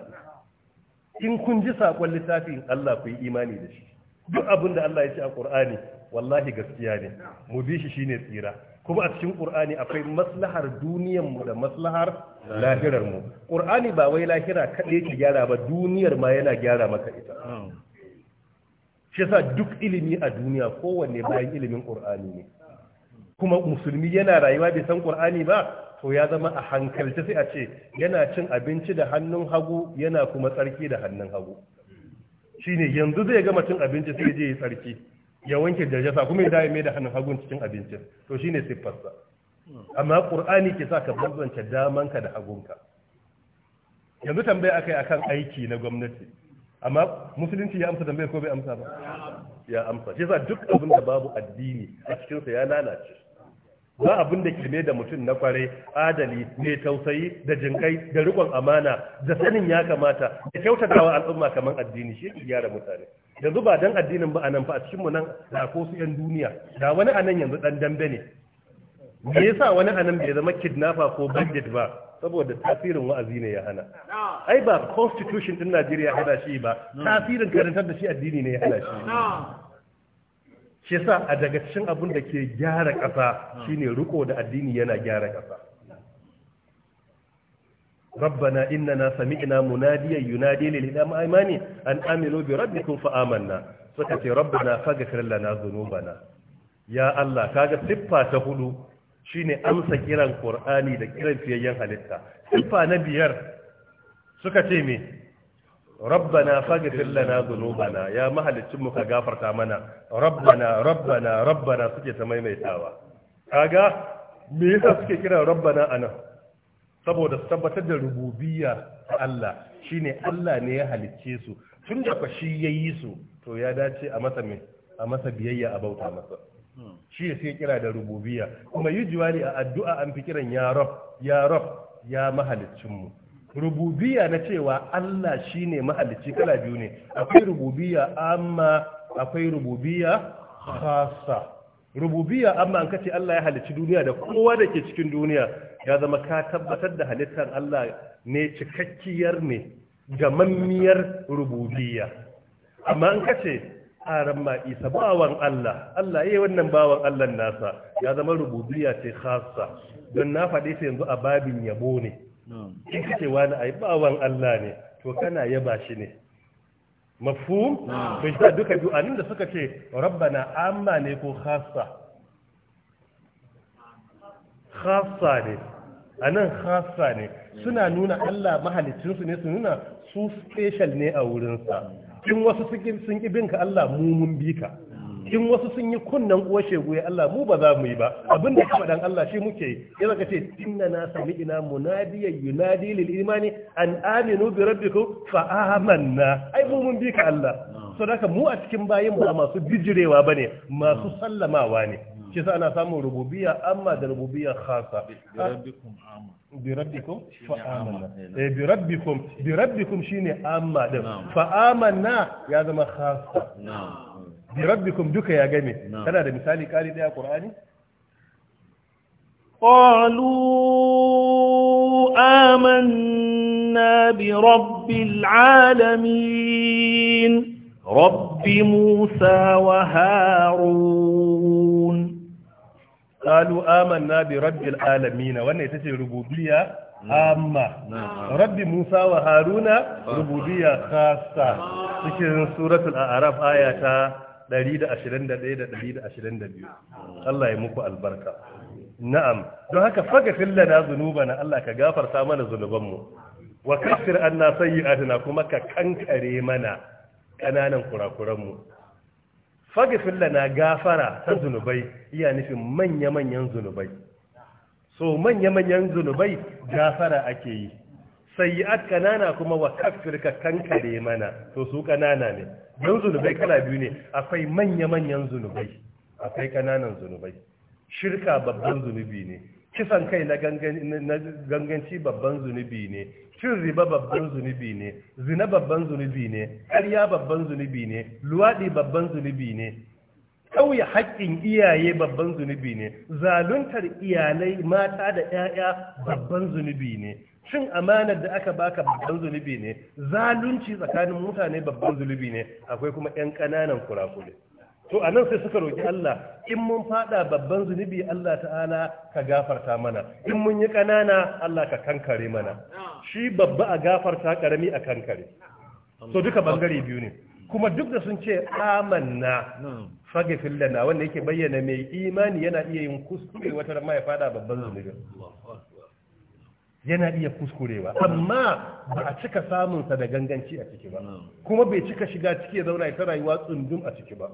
in kun ji sakon littafin Allah ku yi imani da shi duk abin da Allah ya ce a qur'ani wallahi gaskiya ne mu bi shi shine tsira kuma a cikin qur'ani akwai maslahar duniyar da maslahar lahirar mu qur'ani ba wai lahira kaɗai ke gyara ba duniyar ma yana gyara maka ita shi yasa duk ilimi a duniya kowanne bayan ilimin qur'ani ne kuma musulmi yana rayuwa bai san qur'ani ba to ya zama a hankalci sai a ce yana cin abinci da hannun hagu yana kuma tsarki da hannun hagu shine yanzu zai gama cin abinci sai je ya tsarki ya wanke jajasa kuma ya dawo mai da hannun hagun cikin abincin to shi ne siffarsa amma ƙur'ani ke sa ka bambance damanka da hagunka yanzu tambaya akai akan aiki na gwamnati amma musulunci ya amsa tambayar ko bai amsa ba ya amsa shi yasa duk abin da babu addini a cikinsa ya lalace ba abin da kirme da mutum na kware adali mai tausayi da jinkai da rikon amana da sanin ya kamata da wa al'umma kamar addini shi ke gyara mutane yanzu ba dan addinin ba anan fa a cikin nan da ko su yan duniya da wani anan yanzu dan dambe ne me yasa wani anan bai zama kidnapper ko bandit ba saboda tasirin wa'azi ne ya hana ai ba constitution din Najeriya ya hana shi ba tasirin karantar da shi addini ne ya hana shi shi sa a daga cikin abin da ke gyara ƙasa shine riko da addini yana gyara ƙasa rabbana innana sami'na munadiyan yunadi lil imani an amilu bi rabbikum fa amanna Suka ce rabbana na lana bana. ya allah kaga siffa ta hudu shine amsa kiran Kur'ani da kiran fiyayyen halitta siffa na biyar suka ce me rabbana faghfir lana dhunubana ya mahalicin mu ka gafarta mana rabbana rabbana rabbana suke ta maimaitawa kaga me yasa suke kira rabbana anan saboda tabbatar da rububiyya Allah shine Allah ne ya halicce su tun da fashi yayi su to ya dace a masa me a masa biyayya a bauta masa shi ya sai kira da rububiyya kuma yujuwali a addu'a an fi kiran ya rab ya rab ya mahaliccin mu Rububiya na cewa Allah shi ne mahalicci kala biyu ne akwai rububiya amma akwai rububiya kasa. Rububiya amma an kace Allah ya halicci duniya da kowa da ke cikin duniya ya zama ka tabbatar da halittar Allah ne cikakkiyar ne gamammiyar rububiya. amma an kace aran isa bawan Allah Allah yayi wannan bawan Allah nasa ya zama rububiya ce kasa don na faɗe yanzu a babin yabo ne in kace wani ai bawan Allah ne to kana yaba shi ne mafhum to shi duka du'anin da suka ce rabbana amma ne ko khassa khassa ne anan khassa ne suna nuna Allah mahalicinsu ne su nuna su special ne a wurinsa in wasu sun ƙi binka Allah mumun mun bi ka in wasu sun yi kunnan uwar shegu ya Allah mu ba za mu yi ba abin da kuma dan Allah shi muke yi ya zaka ce inna na sami ina munadiyan yunadi lil imani an aminu bi rabbikum fa amanna ai mu mun bi ka Allah so haka mu a cikin bayin ba masu bijirewa bane masu sallamawa ne shi sa ana samun rububiyya amma da rububiyya khasa bi rabbikum fa amanna eh, eh bi rabbikum bi rabbikum shine amma din fa amanna ya zama khasa na'am bi rabbikum duka ya game tana da misali kari daya qur'ani qalu amanna bi rabbil alamin rabbi musa wa harun qalu amanna bi rabbil alamin wannan ita ce rububiyya amma rabbi musa wa haruna rububiyya khassa cikin suratul a'raf ayata 121-122 Allah ya muku albarka na'am don haka faga fillana na Allah ka gafarta mana zunubanmu wa kafir anna sayyi'atina kuma ka kankare mana kananan kurakuranmu faga fillana gafara ta zunubai iya nufin manya-manyan zunubai so manya-manyan zunubai gafara ake yi sayi'at kanana kuma wa kafir ka kankare mana to su kanana ne don zunubai kala biyu ne akwai manya-manyan zunubai akwai kananan zunubai shirka babban zunubi ne kisan kai na ganganci babban zunubi ne cin riba babban zunubi ne zina babban zunubi ne ƙarya babban zunubi ne luwaɗi babban zunubi ne ƙauye haƙƙin iyaye babban zunubi ne zaluntar iyalai mata da 'ya'ya babban zunubi ne cin amanar da aka baka babban zunubi ne zalunci tsakanin mutane babban zunubi ne akwai kuma yan ƙananan kurakure to anan sai suka roki Allah in mun fada babban zunubi Allah ta'ala ka gafarta mana in mun yi ƙanana Allah ka kankare mana shi babba a gafarta karami a kankare so duka bangare biyu ne kuma duk da sun ce amanna fage lana wanda yake bayyana mai imani yana iya yin kuskure wata rama ya fada babban zunubi yana iya kuskurewa amma ba a cika samun sa da ganganci a ciki ba kuma bai cika shiga ciki ya zauna ya ta rayuwa tsundum a ciki ba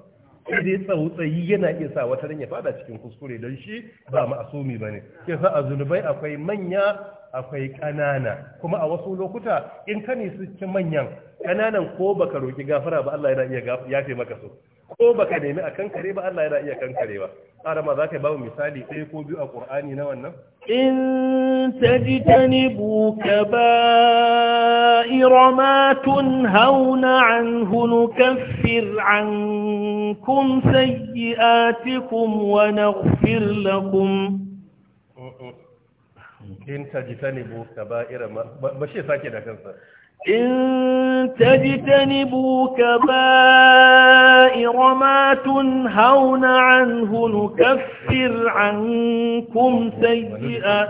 sai dai tsayi yana iya sa wata ya fada cikin kuskure don shi ba ma'asumi ba ne ke sa a zunubai akwai manya akwai ƙanana kuma a wasu lokuta in ka nisanci manyan ƙananan ko baka roki gafara ba Allah yana iya yafe maka so ko baka nemi a kankare ba Allah yana iya kankarewa arama za ka ba misali ɗaya ko biyu a ƙur'ani na wannan in tajtanibu kaba'ira ma tunhauna anhu nukaffir ankum sayyi'atikum wa naghfir lakum in tajtanibu kaba'ira ma ba shi sake da kansa إن تجتنبوا كبائر ما تنهون عنه نكفر عنكم سيئا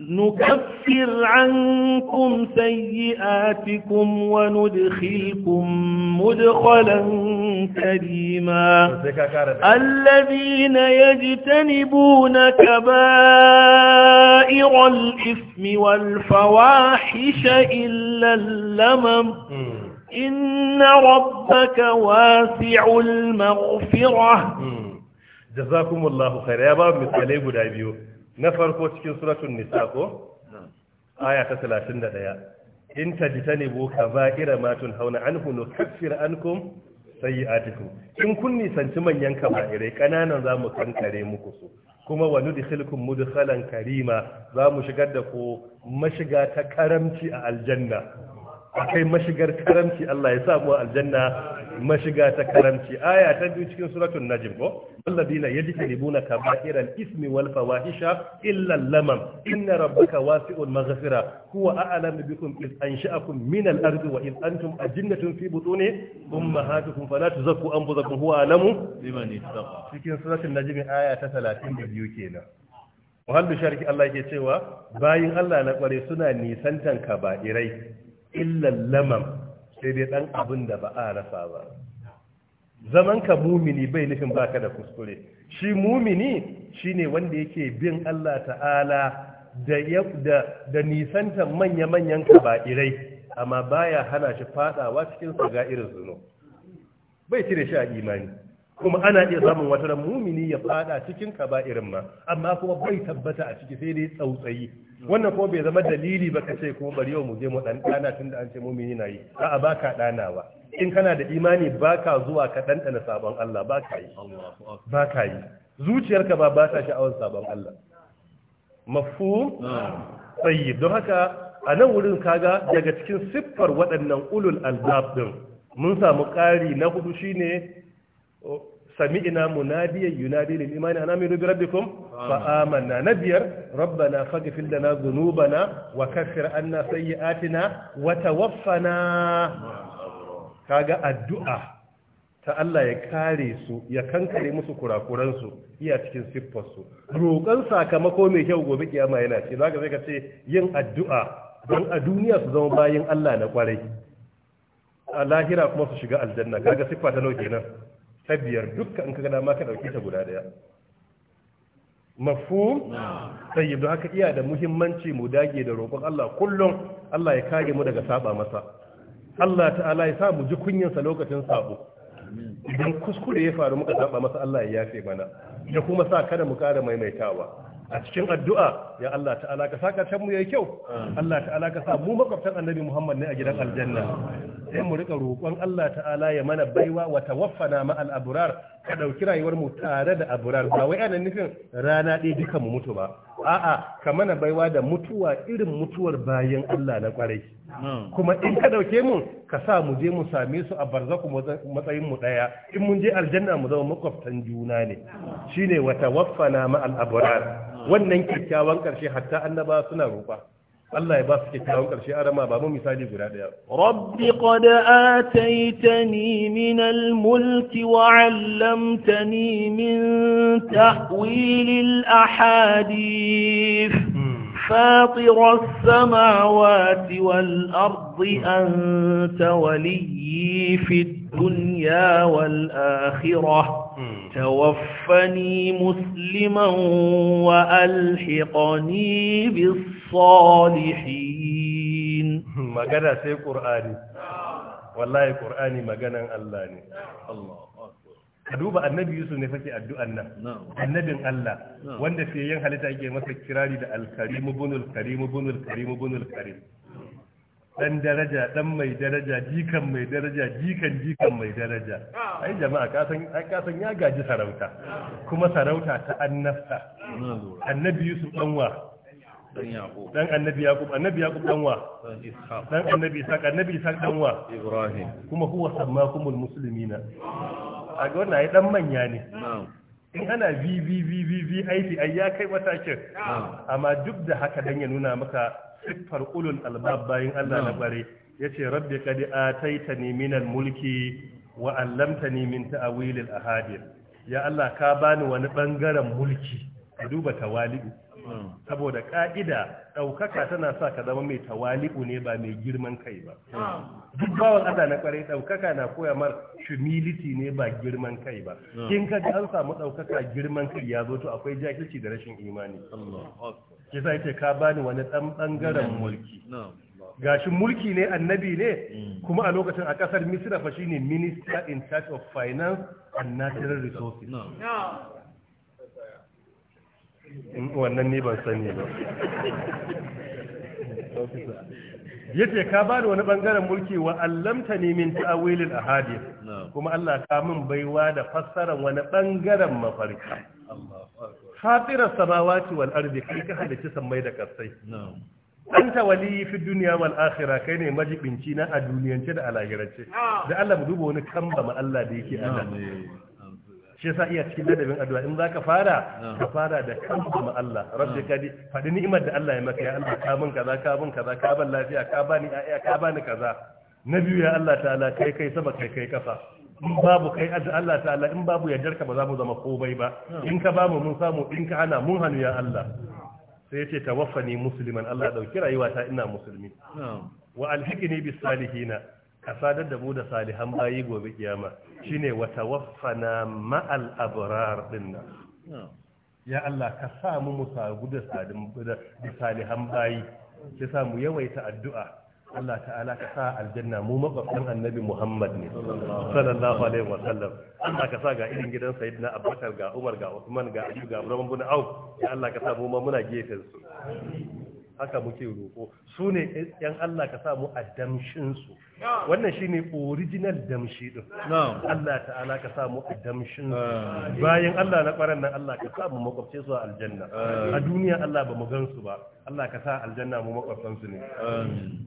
نكفر عنكم سيئاتكم وندخلكم مدخلا كريما الذين يجتنبون كبائر الإثم والفواحش إلا اللمم إن ربك واسع المغفرة جزاكم الله خير يا باب مثالي قد na farko cikin suratun nisa ko aya ta 31 in tajtanibu kaba'ira ma tunhauna anhu nukaffir ankum sayyi'atikum in kun nisanci manyan kaba'irai kananan zamu kankare muku su kuma wa nudkhilukum mudkhalan karima za mu shigar da ku mashiga ta karamci a aljanna akai mashigar karamci Allah ya samu aljanna mashiga ta karamci aya ta biyu cikin suratul najm ko alladina yajtanibuna kaba'iral ismi wal fawahisha illa lamam inna rabbaka wasi'ul maghfira huwa a'lamu bikum iz ansha'akum min al ardi wa iz antum ajinnatun fi butuni ummahatikum fala tuzakku anfusakum huwa a'lamu biman ittaqa cikin suratul najm aya ta 32 kenan wahallu sharki Allah yake cewa bayin Allah na kware suna nisantan kaba'irai illan lamam sai dai ɗan abin da ba a rasa ba zaman ka mumini bai nufin baka da kuskure shi mumini shine wanda yake bin Allah ta'ala da da nisanta manya-manyan kaba'irai amma baya hana shi fadawa cikin irin zuno bai cire shi a imani kuma ana iya samun wata ran mumini ya fada cikin irin ma amma kuma bai tabbata a ciki sai dai tsautsayi wannan kuma bai zama dalili ba kace kuma bari yau mu je mu dan dana tunda an ce mumini na yi a'a baka ba in kana da imani baka zuwa ka dana sabon Allah baka yi baka yi zuciyarka ba ba ta sha'awar sabon Allah mafhum tayyib don haka a nan wurin kaga daga cikin siffar waɗannan ulul albab din mun samu ƙari na hudu shine sami'na munadiyan yunadi lil imani an amiru bi rabbikum fa amanna nabiyar rabbana faghfir lana dhunubana wa kaffir anna sayyi'atina wa tawaffana kaga addu'a ta Allah ya kare su ya kankare musu kurakuran su iya cikin siffar su roƙon sakamako mai kyau gobe kiyama yana ce zaka sai ka ce yin addu'a don a duniya su zama bayin Allah na kwarai a lahira kuma su shiga aljanna kaga siffa ta nau kenan ta biyar dukkan in kaga dama ka dauke ta guda daya mafhum sai don haka iya da muhimmanci mu dage da roƙon Allah kullum Allah ya kare mu daga saba masa Allah ta'ala ya sa mu ji kunyin sa lokacin sabo idan kuskure ya faru muka saba masa Allah ya yafe mana da kuma sa kada mu kara maimaitawa a cikin addu'a ya Allah ta'ala ka saka mu yayi kyau Allah ta'ala ka sa mu makwabtan annabi Muhammad ne a gidan aljanna sai mu rika roƙon Allah ta'ala ya mana baiwa wa tawaffana ma al abrar ka dauki rayuwar mu tare da abrar ba wai ana nufin rana ɗaya duka mu mutu ba a'a ka mana baiwa da mutuwa irin mutuwar bayan Allah na kwarai kuma in ka dauke mu ka sa mu je mu same su a barzaku matsayin mu daya in mun je aljanna mu zama makwabtan juna ne shine wa tawaffana ma al abrar wannan kyakkyawan karshe hatta annaba suna roƙa Allah ya ba su kyakkyawan ƙarshe arama ba mu misali guda ɗaya. Rabbi qad ataitani min al-mulki wa 'allamtani min ta'wilil ahadith. فاطر السماوات والأرض أنت ولي في الدنيا والآخرة توفني مسلما وألحقني بالصالحين الصالحين مغانا سي قرآني والله قرآني مغانا الله ني الله ka duba annabi yusuf ne fake addu'an nan annabin Allah wanda fiye yin halitta yake masa kirari da alkarimu bunul karimu bunul karimu bunul karim dan daraja dan mai daraja jikan mai daraja jikan jikan mai daraja ai jama'a ka san ai ka san ya gaji sarauta kuma sarauta ta annabta annabi yusuf dan wa dan annabi yaqub annabi yaqub dan wa dan annabi isaq annabi isaq dan wa ibrahim kuma huwa sammakumul muslimina a ga wannan ai dan manya ne in ana vvvvvip ai ya kai matakin amma duk da haka dan ya nuna maka siffar ulul albab bayin Allah na bare yace rabbi qad ataitani minal mulki wa allamtani min ta'wilil ahadith ya Allah ka bani wani bangaren mulki ka duba tawali'u saboda ka'ida ɗaukaka tana sa ka zama mai tawali'u ne ba mai girman kai ba duk bawan Allah na kwarai ɗaukaka na koya mar humility ne ba girman kai ba in ka an samu ɗaukaka girman kai ya zo to akwai jahilci da rashin imani ke sa ka bani wani ɗan ɓangaren mulki gashin mulki ne annabi ne kuma a lokacin a ƙasar misira fa shine minister in charge of finance and natural resources wannan ni ban sani ba yace ka ba da wani bangaren mulki wa allamta ni min a ahadith kuma Allah ka min baiwa da fassarar wani bangaren mafarka fatira samawati wal ardi kai ka halitta sammai da kasai anta wali fi dunya wal akhira kai ne majibinci na a duniyance da alahirance da Allah mu duba wani kamba ma Allah da yake Allah shi yasa iya cikin ladabin addu'a in zaka fara ka fara da kanka ma Allah rabbi kadi fadi ni'imar da Allah ya maka ya Allah ka mun kaza ka mun kaza ka ban lafiya ka bani ayya ka bani kaza na biyu ya Allah ta'ala kai kai sama kai kai kafa in babu kai adda Allah ta'ala in babu yaddarka ba za mu zama komai ba in ka bamu mun samu in ka ana mun hannu ya Allah sai yace tawaffani musliman Allah dauki rayuwata ina musulmi wa alhiqni bis salihina ka sadar da mu da salihan bayi gobe kiyama shine wa tawaffana ma'al abrar dinna ya Allah ka sa mu mu sabu da salihan bayi ki sa mu yawaita addu'a Allah ta'ala ka sa aljanna mu makwabtan annabi Muhammad ne sallallahu alaihi wa sallam Allah ka sa ga irin gidan sayyidina Abubakar ga Umar ga Uthman ga Ali ga Umar bin Auf ya Allah ka sa mu ma muna gefen su haka muke roƙo su ne ‘yan Allah ka samu a damshinsu wannan shi ne original damshi ɗin Allah ta'ala ka samu a damshinsu bayan Allah na ƙwarar nan Allah ka samu makwabce su a aljanna a duniya Allah ba mu gansu ba Allah ka sa aljanna mu makwabtansu ne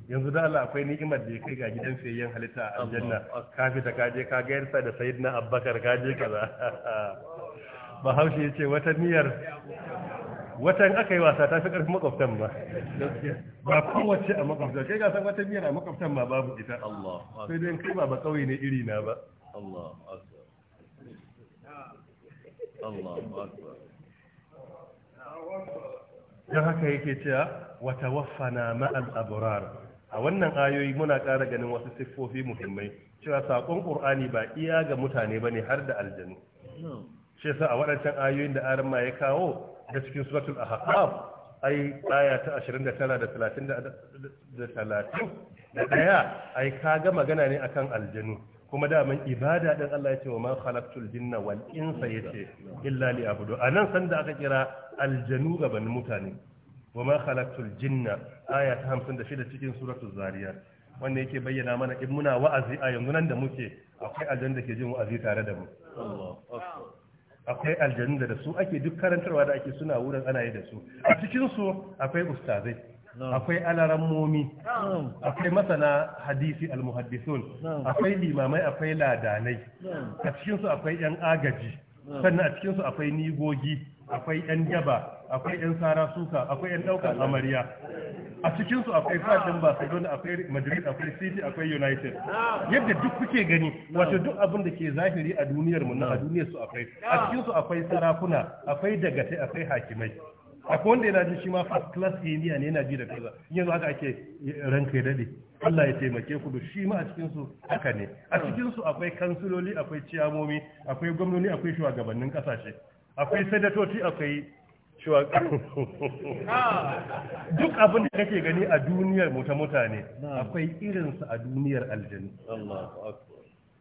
yanzu da Allah akwai ni'imar da ya kai ga gidan sayayyen halitta a aljanna ka fita ka je ka gayarsa da sayyidina abbakar ka je kaza bahaushe ya ce wata niyyar wata in aka yi wasa ta fi ƙarfin makwabtan ba ba kowace a makwabtan kai gasan wata biyar a makwabtan ba babu ita Allah sai dai kai ba ba kauye ne iri na ba Allah akbar Allah haka yake cewa wata waffana ma'al abrar a wannan ayoyi muna ƙara ganin wasu siffofi muhimmai cewa saƙon ƙur'ani ba iya ga mutane bane har da aljanu shi yasa a waɗancan ayoyin da arma ya kawo da cikin suratul ahqaf ai aya ta 29 da 30 da 30 da daya ai kaga magana ne akan aljanu kuma da daman ibada din Allah yace wa ma khalaqtul jinna wal insa yace illa liya'budu anan san da aka kira aljanu gaban mutane wa ma khalaqtul jinna aya ta 56 cikin suratul zariyat wanda yake bayyana mana in muna wa'azi a yanzu nan da muke akwai aljanu da ke jin wa'azi tare da mu akwai aljanu da su ake duk karantarwa da ake suna wurin ana yi da su a cikin su akwai ustazai akwai alarammomi akwai masana hadisi almuhaddisun akwai limamai akwai ladanai a cikin su akwai yan agaji sannan a cikin su akwai nigogi akwai yan jaba akwai yan sara suka akwai yan ɗaukar amarya a cikinsu su akwai fadin Barcelona akwai Madrid akwai City akwai United yadda duk kuke gani wato duk abin da ke zahiri a duniyar mu na a duniyar su akwai a cikin su akwai sarakuna akwai dagatai akwai hakimai akwai wanda yana ji shi ma first class India ne yana ji da kaza yanzu haka ake ranka ya dade Allah ya taimake ku shi ma a cikinsu haka ne a cikin akwai kansuloli akwai ciyamomi akwai gwamnoni akwai shugabannin kasashe akwai sadatoci akwai cewa duk abin da kake gani a duniyar mu ta mutane akwai irinsa a duniyar aljanu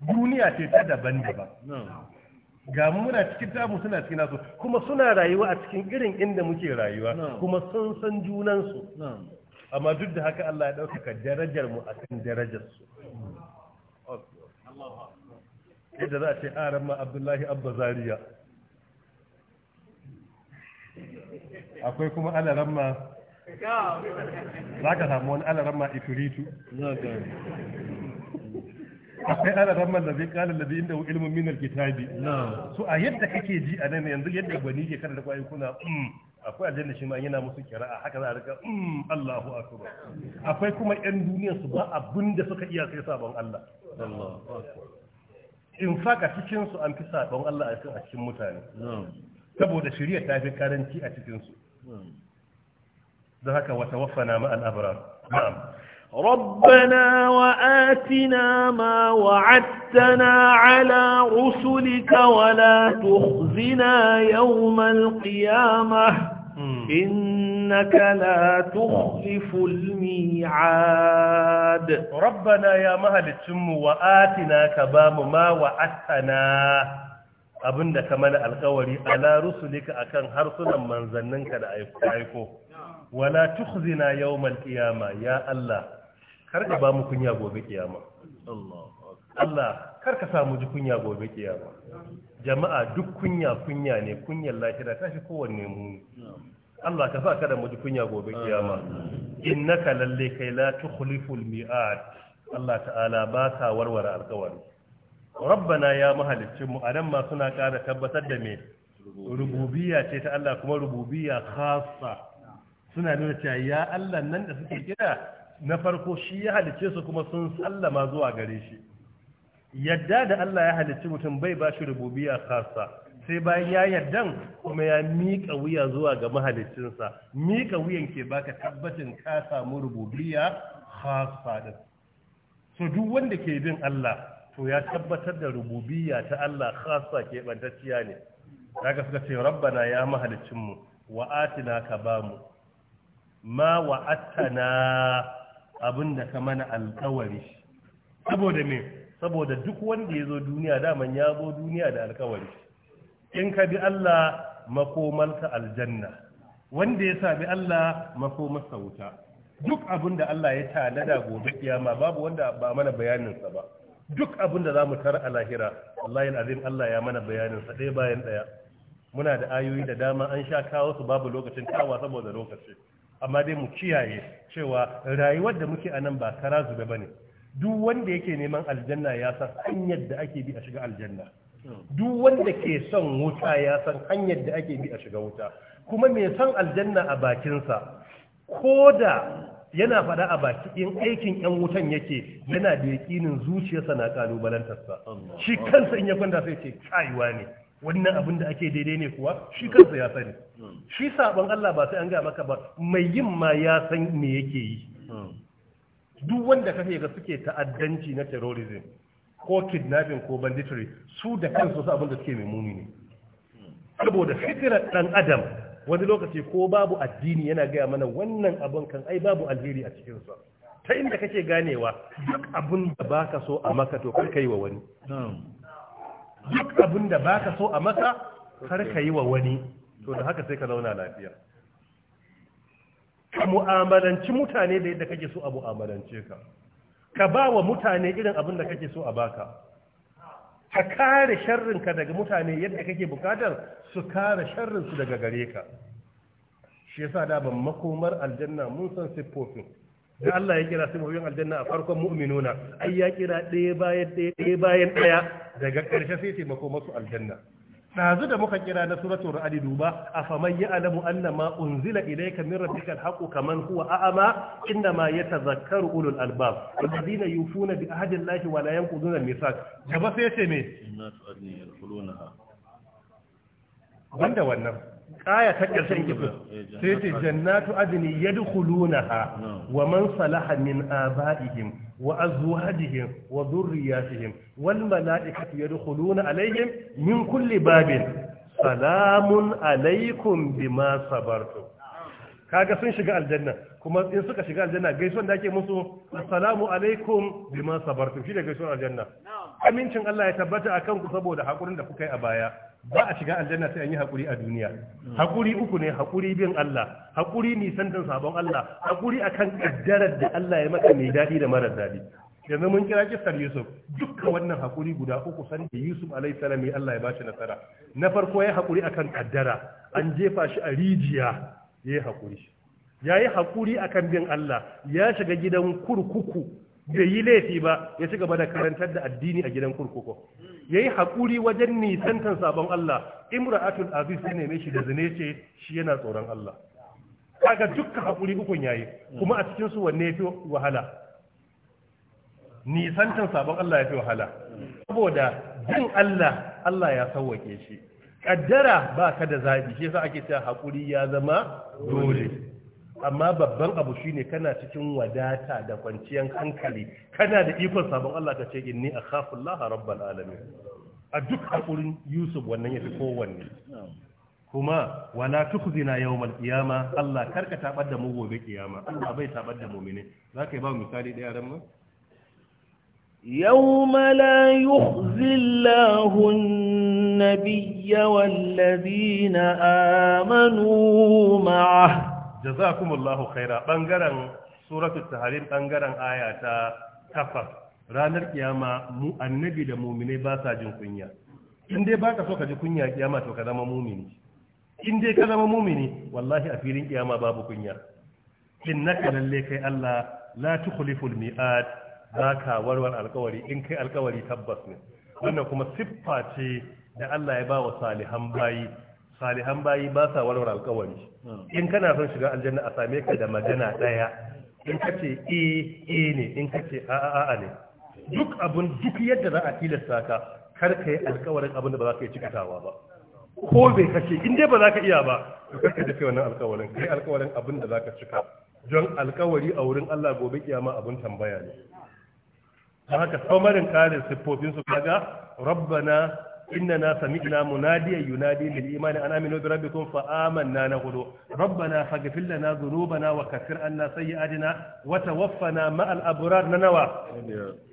duniya ce ta daban-daban ga muna cikin tamu suna cikin su, kuma suna rayuwa a cikin irin inda muke rayuwa kuma sun san junansu amma duk da haka Allah ya ɗaukaka darajar mu a kan darajarsu yadda za a ce aran ma abdullahi abba zariya akwai kuma ma za ka samu wani ma ifiritu akwai ma da zai kala da inda wa ilmin minar kitabi so a yadda kake ji a nan yanzu yadda gwani ke da kwayi kuna mm, akwai aljanna shi ma yana musu kira'a haka za a rika mm, Allahu akbar akwai kuma yan duniya su ba abin da suka iya sai sabon Allah in fact a cikin su an fi sabon Allah a cikin mutane saboda shirya ta fi karanci a cikinsu don haka wata wafana ma'al abrar na'am ربنا وآتنا ما وعدتنا على رسلك ولا تخزنا يوم القيامة إنك لا تخلف الميعاد ربنا يا مهل التم وآتنا كبام ما وعدتنا abinda ka mana alkawari ala rusulika akan harsunan manzanninka da aiko wala tukhzina yawmal qiyama ya Allah kar ka ba mu kunya gobe kiyama Allah kar ka samu ji kunya gobe kiyama jama'a duk kunya kunya ne kunyar lahira tashi kowanne mu Allah ka sa ka da mu ji kunya gobe kiyama innaka lalle kai la tukhliful mi'ad Allah ta'ala ba ka warware alkawari rabbana ya mahalicci mu nan ma suna ƙara tabbatar da me rububiyya ce ta Allah kuma rububiyya khassa suna nuna cewa ya Allah nan da suke kira na farko shi ya halicce su kuma sun sallama zuwa gare shi yadda da Allah ya halicci mutum bai ba shi rububiyya khassa sai bayan ya yaddan kuma ya mika wuya zuwa ga mahaliccinsa Mika wuyan ke baka tabbacin ka samu rububiyya khassa da su duk wanda ke bin Allah to ya tabbatar da rububiyya ta Allah khassa ke ne daga suka ce rabbana ya mahalicin mu wa atina ka bamu ma wa attana abinda ka mana alkawari saboda me saboda duk wanda ya zo duniya daman ya zo duniya da alkawari in ka bi Allah makomarsa aljanna wanda ya sami Allah makomarsa wuta duk abinda Allah ya tanada gobe kiyama babu wanda ba mana bayaninsa ba duk abin da za mu tara a lahira wallahi azim Allah ya mana bayanin sa ɗaya bayan ɗaya muna da ayoyi da dama an sha kawo su babu lokacin kawa saboda lokaci amma dai mu kiyaye cewa rayuwar da muke a nan ba kara zube bane duk wanda yake neman aljanna ya san hanyar da ake bi a shiga aljanna duk wanda ke son wuta ya san hanyar da ake bi a shiga wuta kuma mai son aljanna a bakinsa ko da yana fada a baki in aikin yan wutan yake yana da yakinin zuciyarsa na kalubalantarsa shi kansa in ya kwanta sai ce kaiwa ne wannan abin da ake daidai ne kuwa shi kansa ya sani hmm. shi sabon Allah ba sai an ga maka ba mai yin ma ya san me yake yi hmm. duk wanda kake ga suke ta'addanci na terrorism ko kidnapping ko banditry su da kansu su abin da suke mai muni ne hmm. saboda fitirar dan adam wani lokaci ko babu addini yana gaya mana wannan abin kan ai babu alheri a cikin sa ta inda kake ganewa duk abin da baka so a maka to kar kai wa wani duk abin da baka so a maka kar kai wa wani to da haka sai ka zauna lafiya ka mu'amalanci mutane da yadda kake so a mu'amalance ka ka ba wa mutane irin abin da kake so a baka ka kare sharrinka daga mutane yadda kake bukatar su kare sharrinsu daga gare ka shi yasa da ban makomar aljanna mun san siffofin da Allah ya kira siffofin aljanna a farkon mu'minuna ai ya kira ɗaya bayan ɗaya ɗaya bayan ɗaya daga ƙarshe sai taimako masu aljanna ɗazu da muka kira na suratul ra'adi duba a faman yi alamu annama ma unzila ka min rabbikal haqqu kaman huwa a'ama inna ma yatazakkaru ulul albab alladhina yufuna bi ahdillahi wa la yanquduna al-mithaq gaba sai ce me banda wannan Kaya ta ƙarshen kifin sai ce jannatu adini yadkhulunaha wa man salaha min abaihim wa azwajihim wa dhurriyyatihim wal malaikatu yadkhuluna alaihim min kulli babin salamun alaikum bima sabartum kaga sun shiga aljanna kuma in suka shiga aljanna gaisuwan da ake musu assalamu alaikum bima sabartum shi da gaisuwan aljanna amincin Allah ya tabbata akan ku saboda hakurin da kuka yi a baya ba a shiga aljanna sai an yi hakuri a duniya hakuri uku ne hakuri bin Allah Haƙuri nisan dan sabon Allah hakuri akan kaddarar da Allah ya maka mai dadi da marar dadi yanzu mun kira kisar Yusuf dukka wannan hakuri guda uku san da Yusuf alaihi salam Allah ya bashi nasara na farko ya hakuri akan kaddara an jefa shi a rijiya yayi hakuri yayi haƙuri akan bin Allah ya shiga gidan kurkuku bai yi laifi ba ya ci gaba da karantar da addini a gidan kurkuku yayi hakuri wajen nisantan sabon Allah imra'atul aziz ne neme shi da zane ce shi yana tsoron Allah kaga dukkan hakuri ukun yayi kuma a cikin su wanne yafi wahala nisantan sabon Allah yafi wahala saboda jin Allah Allah ya sauwake shi kaddara ba ka da zabi shi yasa ake cewa hakuri ya zama dole amma babban abu shine kana cikin wadata da kwanciyar hankali kana da ikon sabon Allah ka ce inni akhafu laha rabbal alamin a duk hakurin Yusuf wannan yafi kowanne kuma wala tukhzina yawmal qiyama Allah karka tabar da mu gobe kiyama Allah bai tabar da mu'mini ka yi ba misali ɗaya yaran mu يوم لا يخزي الله النبي والذين آمنوا معه jazakumullahu khaira bangaren suratul tahrim bangaren aya ta takwas ranar kiyama mu annabi da mu'mine ba sa jin kunya in dai baka so ka ji kunya kiyama to ka zama mu'mini in dai ka zama mu'mini wallahi a filin kiyama babu kunya innaka lalle kai Allah la tukhliful mi'ad zaka warwar alkawari in kai alkawari tabbas ne wannan kuma siffa ce da Allah ya ba wa salihan bayi salihan bayi ba sa warware alkawari hmm. in kana son shiga aljanna a same ka da magana daya in ka ce e, e ne in ka ce a a a ne duk abun duk yadda za a tilasta ka kar ka yi alkawarin abin da ba za ka yi cikatawa ba ko bai kace in dai ba za ka iya ba to kar ka dace wannan alkawarin kai alkawarin abin da za ka cika don alkawari a wurin Allah gobe kiyama abin tambaya ne ta haka saumarin kare siffofin su kaga rabbana inna na sami ina munadiya yunadi lil imani an aminu bi rabbikum fa amanna na hudu rabbana faghfir lana dhunubana wa kaffir anna sayyi'atina wa tawaffana ma al abrar na nawa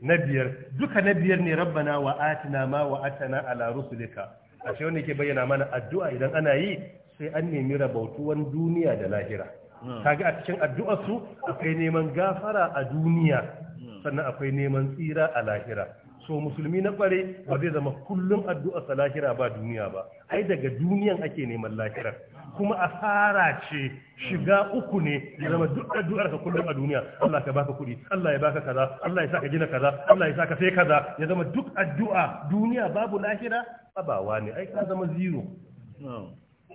nabiyar duka nabiyar ne rabbana wa atina ma wa atana ala rusulika ashe wanda yake bayyana mana addu'a idan ana yi sai an nemi rabautuwan duniya da lahira hmm. kaga a cikin su akwai neman gafara a duniya hmm. sannan akwai neman tsira a lahira so musulmi na kware ba zai zama kullum addu'a sa lahira ba duniya ba ai daga duniyan ake neman lahira kuma asara ce shiga uku ne ya zama duk addu'ar ka kullum a duniya Allah ka baka kuɗi Allah ya baka kaza Allah ya saka gina kaza Allah ya saka sai kaza ya zama duk addu'a duniya babu lahira abawa ne ai ka zama zero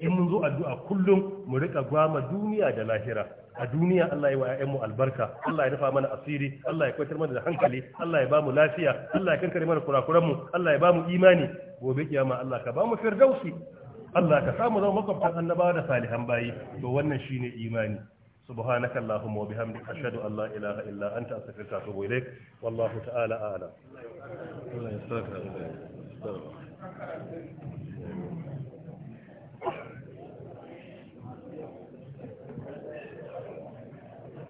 in mun zo addu'a kullum mu rika gwama duniya da lahira a duniya Allah ya wa ƴaƴanmu albarka Allah ya rufa mana asiri Allah ya kwantar mana da hankali Allah ya bamu lafiya Allah ya kankare mana kurakuran mu Allah ya bamu imani gobe kiyama Allah ka bamu firdausi Allah ka samu zama makwabtan annabawa da salihan bayi to wannan shine imani سبحانك اللهم وبحمدك أشهد أن لا إله إلا أنت أستغفرك وأتوب إليك والله تعالى أعلم.